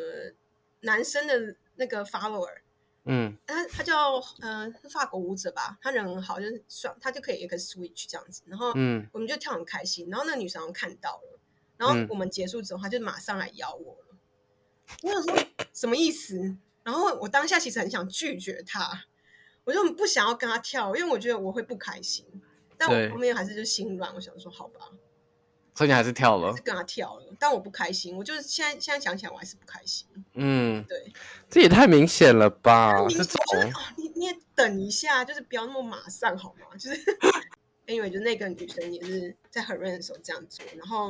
男生的那個 follower，嗯，他他叫嗯、呃、法國舞者吧，他人很好，就是算他就可以一個 switch 這樣子。然後嗯，我們就跳很開心。然後那女生看到了，然後我們結束之後，嗯、他就馬上來咬我了。我想說什麼意思？然後我當下其實很想拒絕他，我就很不想要跟他跳，因為我覺得我會不開心。但我後面還是就心軟，我想說好吧，所以你還是跳了，是跟他跳了。但我不開心，我就是現在現在想起來我還是不開心。嗯，對，這也太明顯了吧？你你，你也等一下，就是不要那麼馬上好嗎？就是 因為就那個女生也是在很熱的時候這樣做。然後，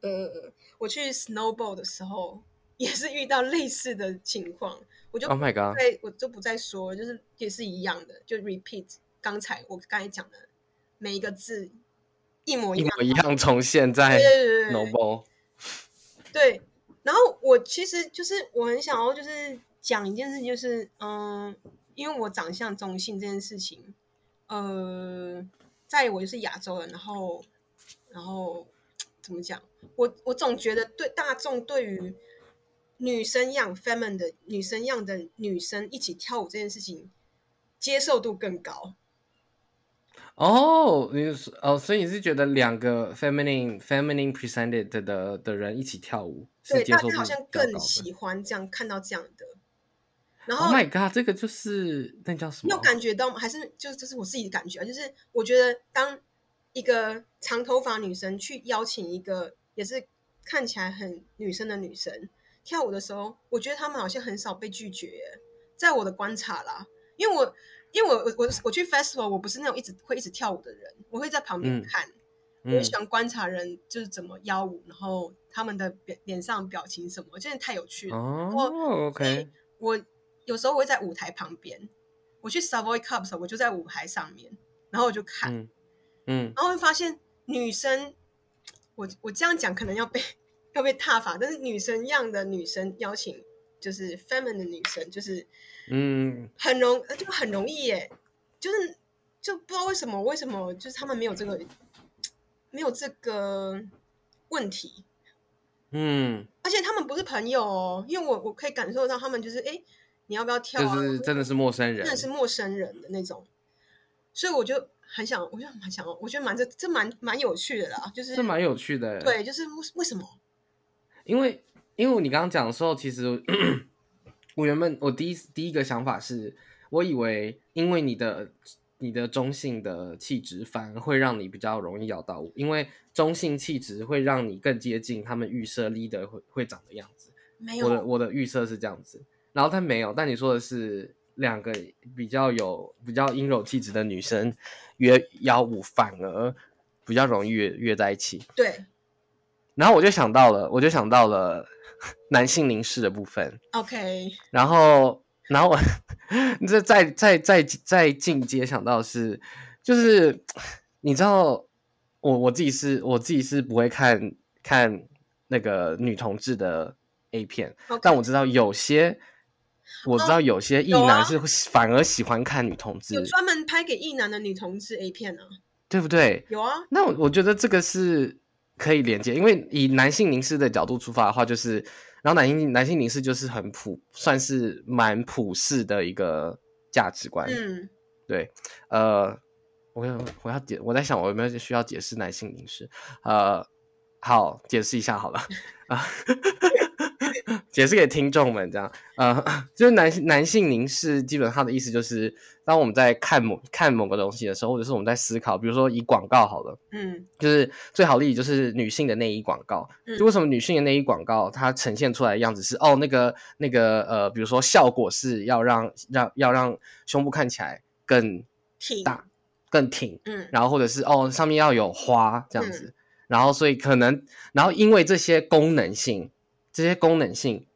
呃，我去 snowball 的時候。也是遇到類似的情況，我就再、Oh、my God. 我就不再說，就是也是一樣的，就 repeat 剛才我剛才講的每一個字一模一樣、啊、一模一樣從現在，對對對對 no more。對，然後我其實就是我很想要就是講一件事，就是嗯、呃，因為我長相中性這件事情，呃，在我就是亞洲人，然後然後怎麼講，我我總覺得對大眾對於女生樣 feminine 的女生樣的女生一起跳舞這件事情，接受度更高哦。你哦，所以你是覺得兩個 feminine feminine presented 的的人一起跳舞，接受對大家好像更喜歡這樣看到這樣的。然後，Oh my God，這個就是那叫什麼啊？有感覺到嗎？還是就是就是我自己的感覺啊？就是我覺得當一個長頭髮女生去邀請一個也是看起來很女生的女生，跳舞的時候，我覺得他們好像很少被拒絕，在我的觀察啦，因為我因為我我我，我去 Festival，我不是那種一直會一直跳舞的人，我會在旁邊看，嗯、我喜歡觀察人就是怎麼邀舞，嗯、然後他們的表臉上表情什麼，真的太有趣了。哦、然後，因、okay. 我有時候我會在舞台旁邊，我去 Savoy Cup，我就在舞台上面，然後我就看，嗯，嗯然後會發現女生，我我這樣講可能要被。會被撻伐，但是女神一樣的女生邀請，就是 feminine 的女生，就是，嗯，很容就很容易耶、欸，就是就不知道為什麼，為什麼就是他們沒有這個，沒有這個問題，嗯，而且他們不是朋友哦、喔，因為我我可以感受到他們就是，哎、欸，你要不要跳啊？就是真的是陌生人，真的是陌生人的那種，所以我就很想，我就很想，我覺得蠻這這蠻蠻有趣的啦，就是這蠻有趣的欸，對，就是為為什麼？因為，因為我你剛剛講的時候，其實咳咳我原本我第一第一個想法是，我以為因為你的你的中性的氣質反而會讓你比較容易約到我，因為中性氣質會讓你更接近他們預設立的會會長的樣子。沒有，我的我的預設是這樣子，然後他沒有，但你說的是兩個比較有比較陰柔氣質的女生約約舞，反而比較容易約約在一起。對。然後我就想到了，我就想到了男性凝視的部分。OK。然後，然後我這再再再再，再進階，想到是，就是你知道，我我自己是我自己是不會看看那個女同志的 A 片，okay. 但我知道有些，oh, 我知道有些異男是反而喜歡看女同志，有專門拍給異男的女同志 A 片呢、啊，對不對？有啊。那我我覺得這個是。可以連接，因為以男性凝視的角度出發的話，就是，然後男性男性凝視就是很普，算是蠻普世的一個價值觀。嗯，對，呃，我要我要解，我在想我有沒有需要解釋男性凝視？呃。好，解釋一下好了啊， 解釋給聽眾們這樣，呃， 就是男男性凝視基本上的意思就是，當我們在看某看某個東西的時候，或者是我們在思考，比如說以廣告好了，嗯，就是最好的例子就是女性的內衣廣告，嗯，就為什麼女性的內衣廣告它呈現出來的樣子是、嗯、哦那個那個呃，比如說效果是要讓讓要讓胸部看起來更大挺大更挺，嗯，然後或者是哦上面要有花這樣子。嗯然後，所以可能，然後因為這些功能性，這些功能性，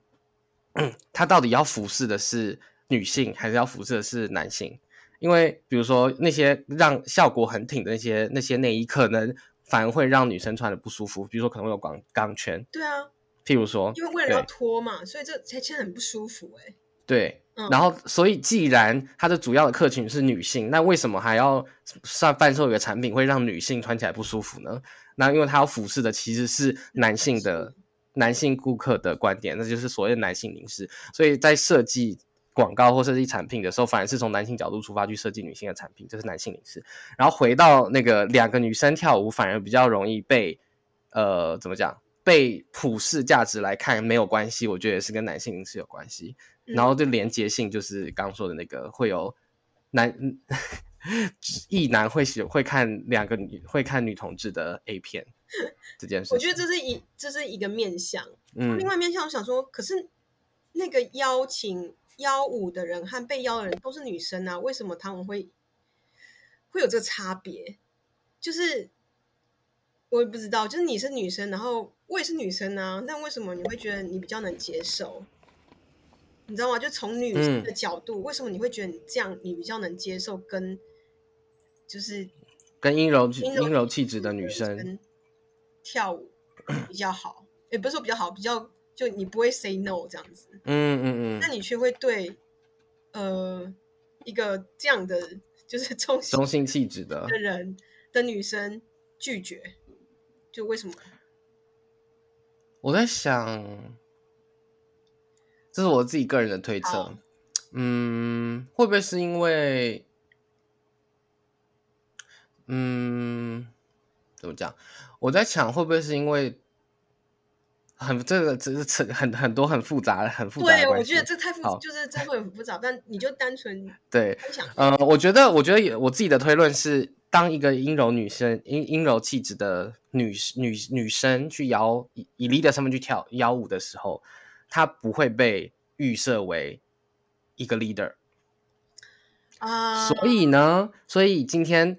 嗯、它到底要服侍的是女性，還是要服侍的是男性？因為比如說那些讓效果很挺的那些那些內衣，可能反而會讓女生穿得不舒服。比如說可能會有鋼鋼圈，對啊，譬如說，因為為了要脫嘛，所以這才真的很不舒服哎、欸。對、嗯，然後所以既然它的主要的客群是女性，那為什麼還要上販售一個產品會讓女性穿起來不舒服呢？那因為它要俯視的其實是男性的男性顧客的觀點，那就是所謂的男性凝視。所以在設計廣告或設計產品的時候，反而是從男性角度出發去設計女性的產品，就是男性凝視。然後回到那個兩個女生跳舞，反而比較容易被呃怎麼講，被普世價值來看沒有關係，我覺得也是跟男性凝視有關係。然後就連接性，就是剛剛說的那個會有男。嗯 一男會喜會看兩個女會看女同志的 A 片這件事，我覺得這是一這是一個面向。嗯，另外面向我想說，可是那個邀請邀舞的人和被邀的人都是女生啊，為什麼他們會會有這個差別？就是我也不知道，就是你是女生，然後我也是女生啊，但為什麼你會覺得你比較能接受？你知道嗎？就從女生的角度、嗯，為什麼你會覺得你這樣你比較能接受？跟就是跟陰柔陰柔氣質的女生跳舞比較好，也、 欸、不是說比較好，比較就你不會 say no 這樣子，嗯嗯嗯，那、嗯、你卻會對呃一個這樣的就是中性中性氣質的、的人的女生拒絕，就為什麼？我在想，這是我自己個人的推測，嗯，會不會是因為？嗯，怎麼講？我在想，會不會是因為很這個只是、這個這個、很很多很複雜的很複雜的關係，對，我覺得這太複雜，就是真的很複雜。但你就單純對呃、嗯嗯，我覺得，我覺得，我自己的推論是，當一個陰柔女生、陰陰柔氣質的女女女生去搖以以 leader 身份去跳搖舞的時候，她不會被預設為一個 leader 啊、嗯。所以呢，所以今天。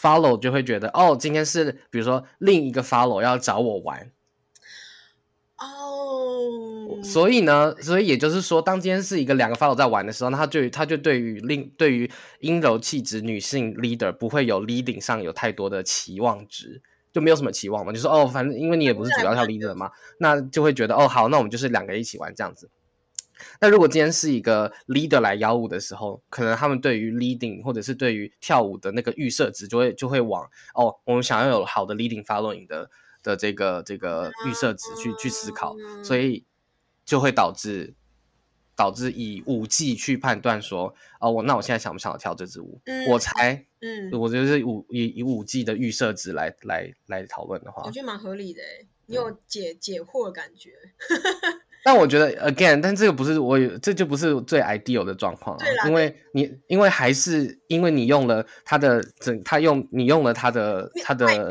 Follow 就會覺得哦，今天是比如說另一個 Follow 要找我玩哦，oh. 所以呢，所以也就是說，當今天是一個兩個 Follow 在玩的時候，那他就他就對於另，對於陰柔氣質女性 Leader 不會有 Leading 上有太多的期望值，就沒有什麼期望嘛，就說、是、哦，反正因為你也不是主要跳 Leader 嘛， 那就會覺得哦好，那我們就是兩個一起玩這樣子。那如果今天是一個 leader 來邀舞的時候，可能他們對於 leading 或者是對於跳舞的那個預設值就，就會就會往哦，我們想要有好的 leading following 的的這個這個預設值去、啊、去思考、啊，所以就會導致導致以五 G 去判斷說，哦，我那我現在想不想要跳這支舞？嗯、我才，嗯，我覺得是五以以五 G 的預設值來來來討論的話，我覺得蠻合理的，你有解、嗯、解惑的感覺。 但我覺得 again，但這個不是我有這就不是最 ideal 的狀況了，因為你因為還是因為你用了他的整，他用你用了他的外表他的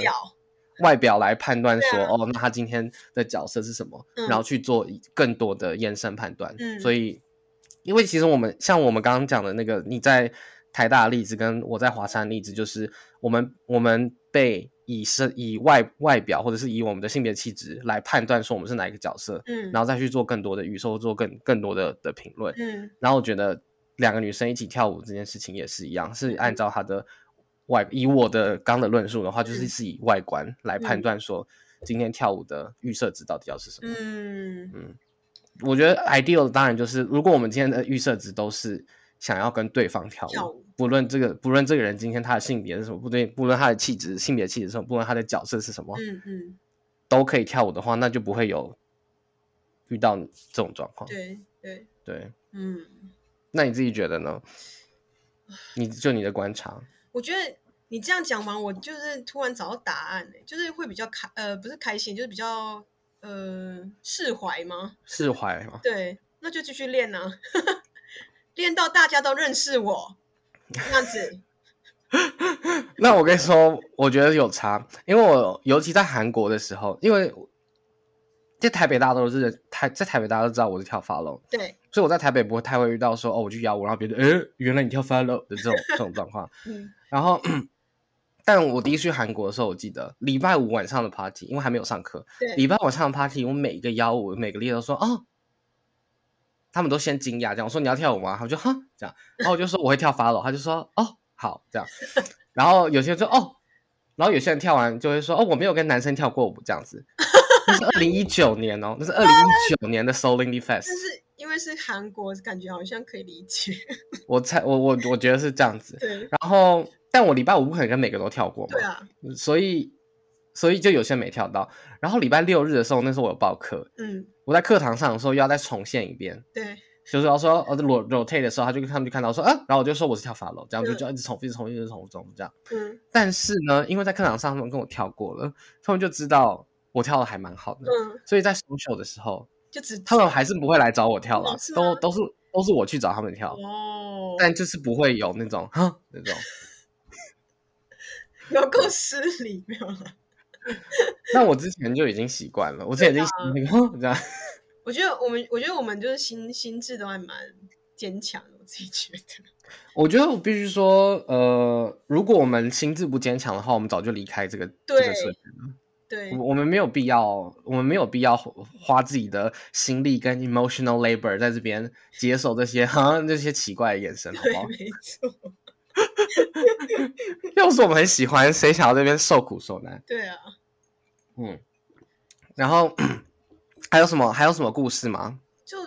外表來判斷說、啊，哦，那他今天的角色是什麼？嗯、然後去做更多的延伸判斷。嗯、所以因為其實我們像我們剛剛講的那個你在台大的例子跟我在華山的例子，就是我們我們被。以身以外外表，或者是以我們的性別氣質來判斷說我們是哪一個角色，嗯，然後再去做更多的預設，做更更多的的評論，嗯，然後我覺得兩個女生一起跳舞這件事情也是一樣，是按照她的外，嗯，以我的剛的論述的話，就是一以外觀來判斷說今天跳舞的預設值到底要是什麼，嗯，嗯，我覺得 ideal 當然就是如果我們今天的預設值都是想要跟對方跳舞。跳舞不論這個，不論這個人今天他的性別是什麼，不對，不論他的氣質、性別氣質是什麼，不論他的角色是什麼，嗯嗯，都可以跳舞的話，那就不會有遇到這種狀況。對對對，嗯，那你自己覺得呢？你就你的觀察，我覺得你這樣講嘛，我就是突然找到答案，欸，就是會比較開，呃，不是開心，就是比較嗯釋懷嗎？釋懷嗎？對，那就繼續練啊，練 到大家都認識我。這樣子， 那我跟你說， 我覺得有差，因為我尤其在韓國的時候，因為在台北大家都是台，在台北大家都知道我是跳 follow，對，所以我在台北不會太會遇到說哦，我去邀舞，然後別人哎、欸，原來你跳 follow 的這種 這種狀況。然後，但我第一次去韓國的時候，我記得禮拜五晚上的 party，因為還沒有上課，禮拜五晚上的 party，我每一個邀舞，每個 leader 都說哦。他們都先驚訝，這樣我說你要跳舞嗎？他們就哈這樣，然後我就說我會跳 follow， 他就說哦好這樣，然後有些人說哦，然後有些人跳完就會說哦，我沒有跟男生跳過舞這樣子，那 是二零一九年哦，那是二零一九年的 Seoul Lindy Fest，但是因為是韓國，感覺好像可以理解。 我猜我我我覺得是這樣子，對，然後但我禮拜五不可能跟每個都跳過嘛，對啊，所以。所以就有些沒跳到，然後禮拜六日的時候，那時候我有報課，嗯，我在課堂上的時候又要再重現一遍，對，就是要說呃，rot、哦、rotate 的時候，他就他們就看到說啊，然後我就說我是跳 follow，這樣、嗯、就就一直重複，一直重複，一直重複這樣，嗯，但是呢，因為在課堂上他們跟我跳過了，他們就知道我跳的還蠻好的，嗯，所以在 social 的時候，就只他們還是不會來找我跳了，嗯啊、都都是都是我去找他們跳，哦，但就是不會有那種哈那種， 有夠失禮， 那 我之前就已經習慣了，我之前已經習慣了、啊、這樣。 我覺得我們，我覺得我們就是心心智都還蠻堅強的，我自己覺得。我覺得我必須說，呃，如果我們心智不堅強的話，我們早就離開這個這個了。對，我，我們沒有必要，我們沒有必要花自己的心力跟 emotional labor 在這邊接受這些、 嗯、這些奇怪的眼神，好不好？沒錯。要 是我們很喜歡，誰想要這邊受苦受難？對啊。嗯，然後還有什麼？還有什麼故事嗎？就，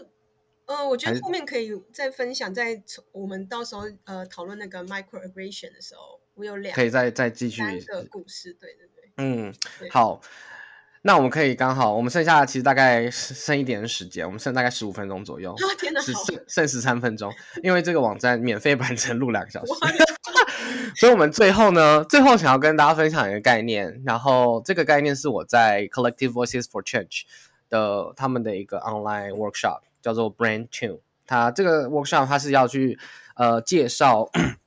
呃，我覺得後面可以再分享，在我們到時候呃討論那個 microaggression 的時候，我有兩個可以再再繼續三個故事，對對對，嗯，好。那我們可以剛好，我們剩下的其實大概剩一點的時間，我們剩大概十五分鐘左右，只剩剩十三分鐘， 因為這個網站免費版只能錄兩個小時， 所以我們最後呢，最後想要跟大家分享一個概念，然後這個概念是我在 Collective Voices for Change 的他們的一個 online workshop，叫做 Brand Tune，它這個 workshop 它是要去呃介紹。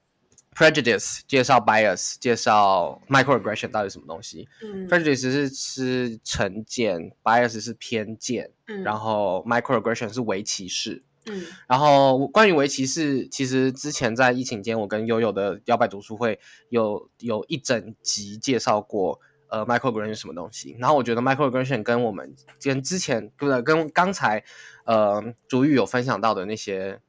prejudice 介紹 bias 介紹 microaggression 到底什麼東西，嗯、？prejudice 是是成見，bias 是偏見，嗯、然後 microaggression 是微歧視。嗯、然後關於微歧視，其實之前在疫情間，我跟悠悠的搖擺讀書會有有一整集介紹過呃 microaggression 是什麼東西。然後我覺得 microaggression 跟我們跟之前對不對？跟剛才呃 Chuyu 有分享到的那些。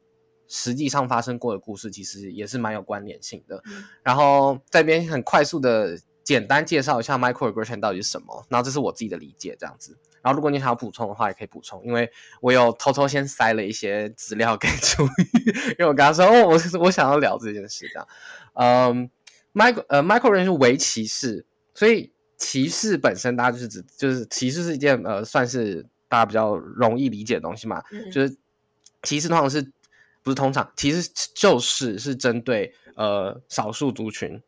實際上發生過的故事，其實也是蠻有關聯性的。嗯、然後這邊很快速的簡單介紹一下 Microaggression 到底是什麼。然後這是我自己的理解，這樣子。然後如果你想要補充的話，也可以補充，因為我有偷偷先塞了一些資料給朱宇，因為我跟他說哦，我我想要聊這件事，這樣。嗯 Micro 呃 Microaggression 認識微歧視，所以歧視本身大家就是指就是歧視是一件呃算是大家比較容易理解的東西嘛，嗯、就是歧視通常是，不是通常，其實就是是針對呃少數族群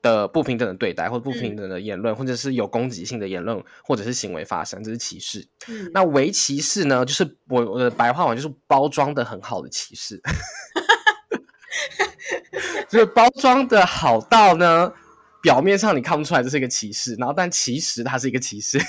的不平等的對待，或不平等的言論、嗯，或者是有攻擊性的言論，或者是行為發生，這是歧視。嗯、那微歧視呢，就是我我的白話文就是包裝的很好的歧視， 就是包裝的好到呢，表面上你看不出來這是一個歧視，然後但其實它是一個歧視。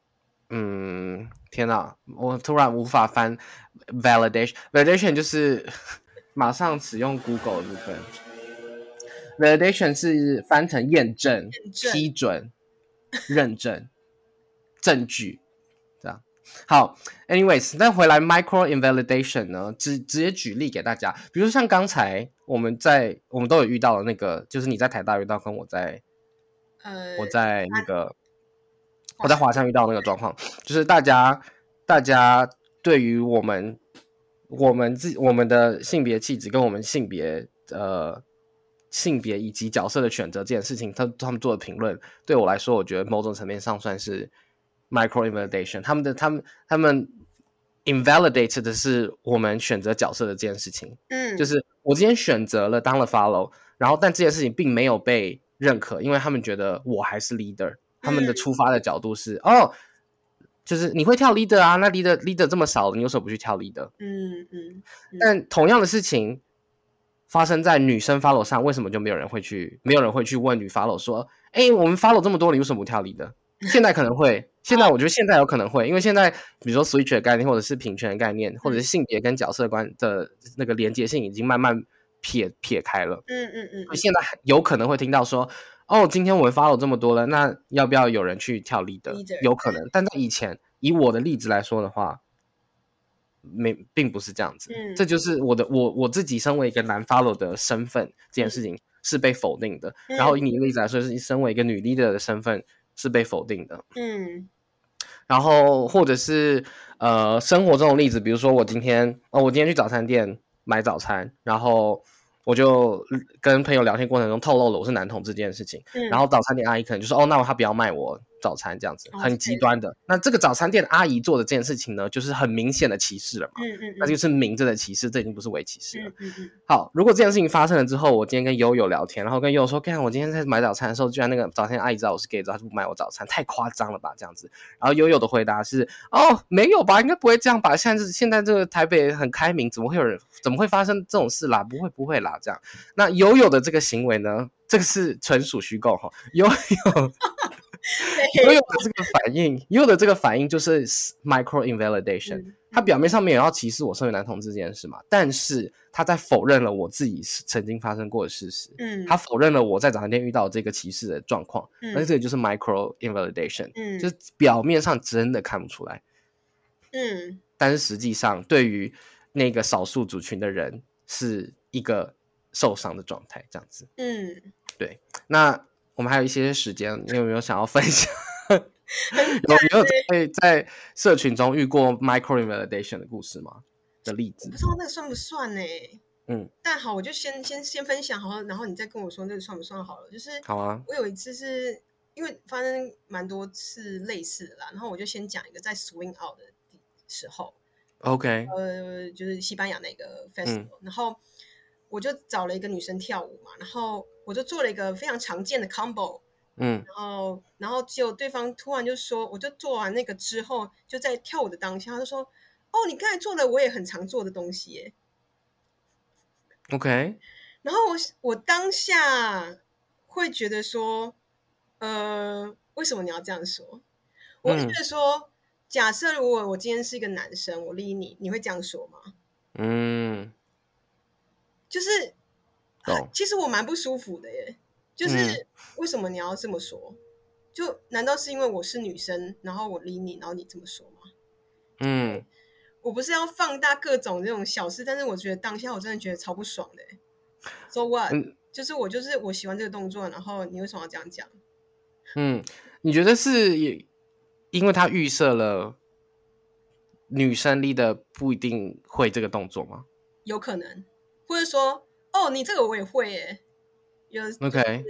嗯，天哪、啊，我突然無法翻 validation，validation validation 就是馬上使用 Google 的部分。validation 是翻成驗證、批准、認證、 證據，這樣。好，anyways，那回來 micro invalidation 呢，直直接舉例給大家，比如說像剛才我們在我們都有遇到的那個，就是你在台大遇到跟我在、呃，我在那個。啊我在華山遇到那個狀況，就是大家，大家對於我們，我們自我們的性別氣質跟我們性別，呃，性別以及角色的選擇這件事情，他他們做的評論，對我來說，我覺得某種層面上算是 micro invalidation 他。他們的他們他們 invalidate 的是我們選擇角色的這件事情。嗯，就是我今天選擇了當了 follow，然後但這件事情並沒有被認可，因為他們覺得我還是 leader。 他們的出發的角度是哦，就是你會跳 leader 啊，那 leader leader 這麼少，你為什麼不去跳 leader？嗯嗯，嗯。但同樣的事情發生在女生 follow 上，為什麼就沒有人會去？沒有人會去問女 follow 說：“哎、欸，我們 follow 這麼多，你為什麼不跳 leader？”、嗯、現在可能會，現在我覺得現在有可能會，因為現在比如說 switch 的概念，或者是平權的概念，嗯、或者是性別跟角色觀的那個連接性已經慢慢撇撇開了。嗯嗯嗯。嗯所以現在有可能會聽到說。哦，今天我 follow 這麼多了，那要不要有人去跳 leader？、Either. 有可能，但在以前，以我的例子來說的話，沒，並不是這樣子。嗯、這就是我的我我自己身為一個男 follow 的身份，這件事情是被否定的。嗯、然後以你的例子來說，是身為一個女 leader 的身份是被否定的。嗯，然後或者是呃生活中的例子，比如說我今天哦，我今天去早餐店買早餐，然後。我就跟朋友聊天過程中透露了我是男同這件事情、嗯，然後早餐店阿姨可能就說：“哦，那我他不要賣我。”早餐這樣子很極端的，okay。那這個早餐店阿姨做的這件事情呢，就是很明顯的歧視了嘛。嗯嗯，嗯。那就是明着的歧視，這已經不是微歧視了。嗯嗯，嗯。好，如果這件事情發生了之後，我今天跟悠悠聊天，然後跟悠悠說：“看，我今天在買早餐的時候，居然那個早餐阿姨知道我是 gay，之後她就不買我早餐，太誇張了吧？這樣子。”然後悠悠的回答是、嗯嗯嗯：“哦，沒有吧，應該不會這樣吧？現在是現在這個台北很開明，怎麼會有人怎麼會發生這種事啦？不會不會啦，這樣。”那悠悠的這個行為呢，這個是純屬虛構哈，悠悠。 所 有我的這個反應，有我的這個反應就是 micro invalidation。嗯，他，嗯，表面上沒有要歧視我身為男同志這件事嘛，但是他在否認了我自己曾經發生過的事實。嗯，他否認了我在早餐店遇到這個歧視的狀況。嗯，而且這個就是 micro invalidation。嗯，就是表面上真的看不出來。嗯，但是實際上對於那個少數族群的人是一個受傷的狀態，這樣子。嗯，對，那。我們還有一些些時間，你有沒有想要分享？ 有沒 有有在在社群中遇過 micro invalidation 的故事嗎？的例子？我不知道那個算不算呢？欸？嗯，但好，我就先先先分享好了，然後你再跟我說那個算不算好了？就是好啊。我有一次是因為發生蠻多次類似的啦，然後我就先講一個在 swing out 的的時候，OK，呃，就是西班牙那個 festival，嗯，然後我就找了一個女生跳舞嘛，然後。我就做了一個非常常見的 combo，嗯，然後然後就對方突然就說，我就做完那個之後，就在跳舞的當下，他就說：“哦，你剛才做了我也很常做的東西，OK。”然後我我當下會覺得說：“呃，為什麼你要這樣說？”我會覺得說、嗯，假設如果我今天是一個男生，我理你，你會這樣說嗎？嗯，就是。啊、其實我蠻不舒服的耶，就是為什麼你要這麼說、嗯？就難道是因為我是女生，然後我 lead 你，然後你這麼說嗎？嗯，我不是要放大各種這種小事，但是我覺得當下我真的覺得超不爽的。So what？、嗯、就是我就是我喜歡這個動作，然後你為什麼要這樣講？嗯，你覺得是，因為他預設了女生 lead 的不一定會這個動作嗎？有可能，或者說。哦、oh,，你這個我也會誒，有、就是、OK，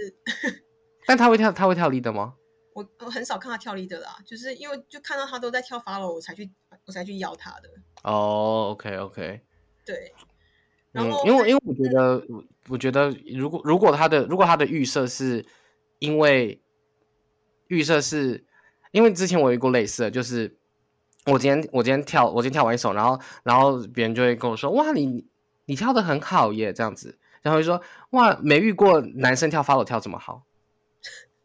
但他會跳他會跳 Leader 嗎？我我很少看他跳 Leader 啦，就是因為就看到他都在跳 follow 我才去我才去邀他的。哦、oh,，OK OK，對，嗯、然後因為因為我覺得我、嗯、我覺得如果如果他的如果他的預設是因為預設是因為之前我有過類似的，就是我今天我今天跳我今天跳完一首，然後然後別人就會跟我說哇你。你跳的很好耶，這樣子，然後就說哇，沒遇過男生跳 follow 跳這麼好，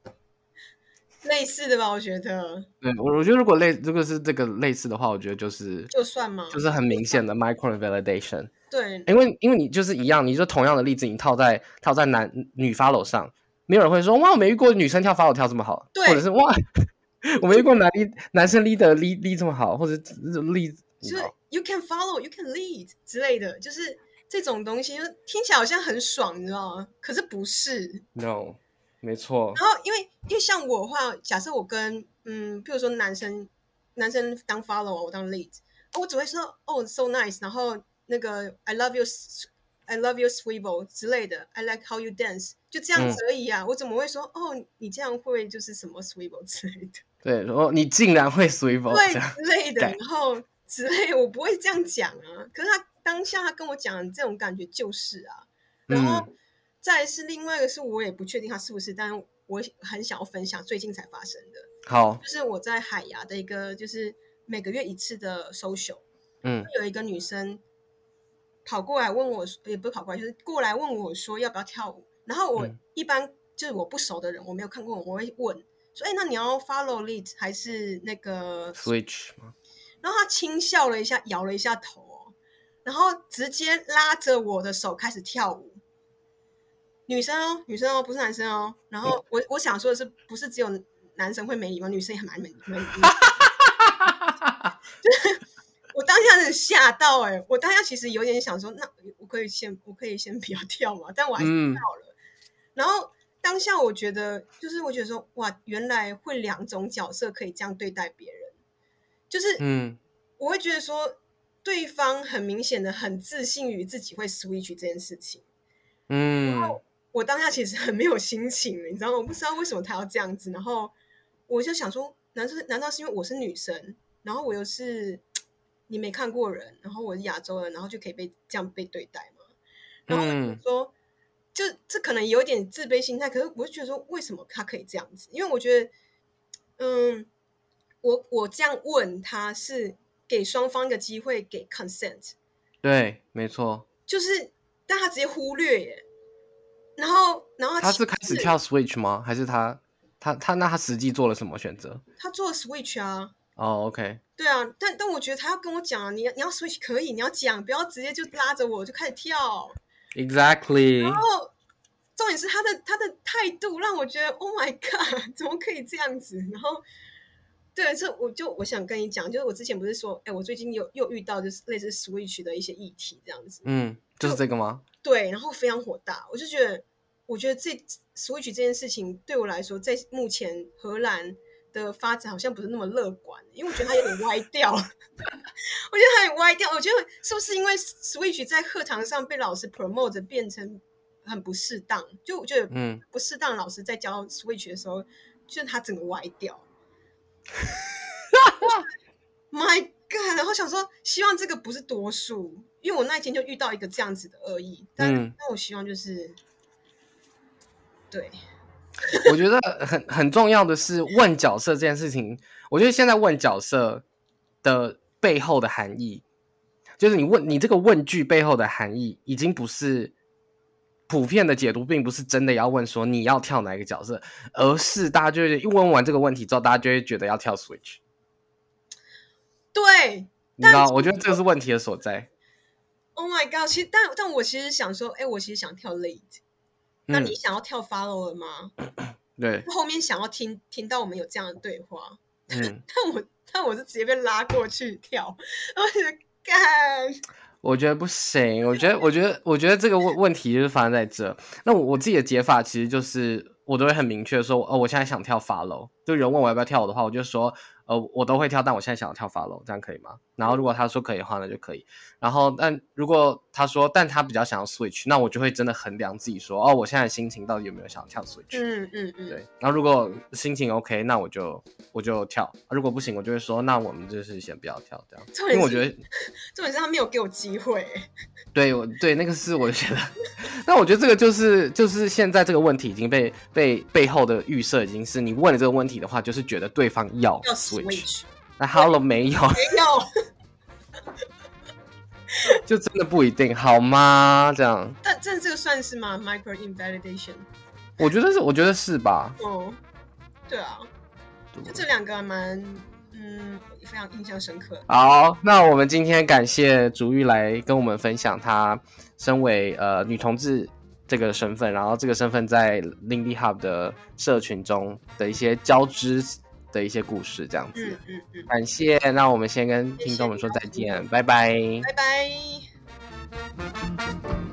類似的吧？我覺得，對我我覺得如果類如果是這個類似的話，我覺得就是就算嗎？就是很明顯的 micro validation， 對，因為因為你就是一樣，你說同樣的例子，你套在套在男女 follow 上，沒有人會說哇，我沒遇過女生跳 follow 跳這麼好，對，或者是哇，我沒遇過男男男生 leader lead e r 立立這麼好，或者這種例子，就是 you can follow，you can lead 之類的，就是。這種東西就聽起來好像很爽，你知道嗎？可是不是，No，沒錯。然後因為因為像我的話，假設我跟嗯，譬如說男生，男生當 follow，我當 lead，我只會說哦、oh,，so nice，然後那個 I love you，I love you swivel 之類的，I like how you dance，就這樣子而已啊、嗯。我怎麼會說哦，oh, 你這樣會就是什麼 swivel 之類的？對，然、哦、後你竟然會 swivel 之類的，然後 之類的我不會這樣講啊。可是他。當下他跟我講這種感覺就是啊，然後再是另外一個是我也不確定他是不是、嗯，但我很想要分享最近才發生的。好，就是我在海牙的一個就是每個月一次的 social。嗯，有一個女生跑過來問我，也不是跑過來，就是過來問我說要不要跳舞。然後我一般就是我不熟的人，嗯、我沒有看過我，我會問說：“哎、欸，那你要 follow lead 還是那個 switch 嗎？”然後他輕笑了一下，搖了一下頭。然後直接拉着我的手開始跳舞，女生哦，女生哦，不是男生哦。然後我我想說的是，不是只有男生會沒禮貌，女生也蠻沒沒禮貌 就是我當下很嚇到哎、欸，我當下其實有點想說，那我可以先我可以先不要跳嘛，但我還是跳了。嗯、然後當下我覺得，就是我覺得說，哇，原來會兩種角色可以這樣對待別人，就是嗯，我會覺得說。對方很明顯的很自信於自己會 switch 這件事情，嗯，然後我當下其實很沒有心情，你知道嗎？我不知道為什麼他要這樣子，然後我就想說，難道，難道是因為我是女生，然後我又是你沒看過人，然後我是亞洲人，然後就可以被這樣被對待嗎？然後我就說，嗯、就這可能有點自卑心態，可是我就覺得說，為什麼他可以這樣子？因為我覺得，嗯，我我這樣問他是。給雙方一個機會，給 consent，對，沒錯，就是，但他直接忽略耶，然後，然後他是開始跳 switch 嗎？還是他，他，他，那他實際做了什麼選擇？他做了 switch 啊。哦，OK。對啊，但但我覺得他要跟我講，你要你要 switch 可以，你要講，不要直接就拉着我就開始跳。Exactly。然後，重點是他的他的態度讓我覺得，Oh my god，怎麼可以這樣子？然後。對，這我就我想跟你講，就是我之前不是說，哎、欸，我最近有又遇到就是類似 Switch 的一些議題這樣子。嗯，就是這個嗎？對，然後非常火大，我就覺得，我覺得這 Switch 這件事情對我來說，在目前荷蘭的發展好像不是那麼樂觀，因為我覺得它有點歪掉。 我覺得它有點歪掉，我覺得是不是因為 Switch 在課堂上被老師 promote 着變成很不適當？就我覺得，嗯，不適當，老師在教 Switch 的時候，嗯、就是它整個歪掉。哈、 oh、！My God！然後想說，希望這個不是多數，因為我那一天就遇到一個這樣子的惡意，但，嗯、但我希望就是，對， 我覺得很很重要的是問角色這件事情，我覺得現在問角色的背後的含義，就是你問你這個問句背後的含義，已經不是。普遍的解讀並不是真的要問說你要跳哪一個角色，而是大家就是一問完這個問題之後，大家就會覺得要跳 Switch。對，你知道？我覺得這個是問題的所在。Oh my god！其實但，但但我其實想說，哎、欸，我其實想跳 Lead。那你想要跳 Follow 了嗎？嗯、對。後面想要聽聽到我們有這樣的對話，嗯、 但我但我是直接被拉過去跳，我覺得幹。我覺得不行，我覺得，我覺得，我覺得這個問問題就是發生在這。那我我自己的解法其實就是，我都會很明確說，哦，我現在想跳 follow，就有人問我要不要跳的話，我就說，呃，我都會跳，但我現在想要跳 follow，這樣可以嗎？然後如果他說可以的話，那就可以。然後但如果他說，但他比較想要 switch，那我就會真的衡量自己說，哦，我現在心情到底有沒有想要跳 switch？嗯嗯嗯。對。然後如果心情 OK，那我就我就跳。如果不行，我就會說，那我們就是先不要跳，這樣。因為我覺得基本上他沒有給我機會。對，我對那個是我覺得，那我覺得這個就是就是現在這個問題已經被被背後的預設已經是，你問了這個問題的話，就是覺得對方要 switch，要 switch。那、uh, Hello 沒有， 沒有， 就真的不一定好嗎？這樣，但但這個算是嗎？Micro invalidation， 我覺得是，我覺得是吧？嗯、oh，對啊，就這兩個還蠻嗯非常印象深刻。好，那我們今天感謝竹玉來跟我們分享她身為呃女同志這個身份，然後這個身份在 Lindy Hub 的社群中的一些交織。的一些故事，這樣子，嗯嗯嗯，感謝，那我們先跟聽眾們說再見，謝謝，拜拜，拜拜。拜拜。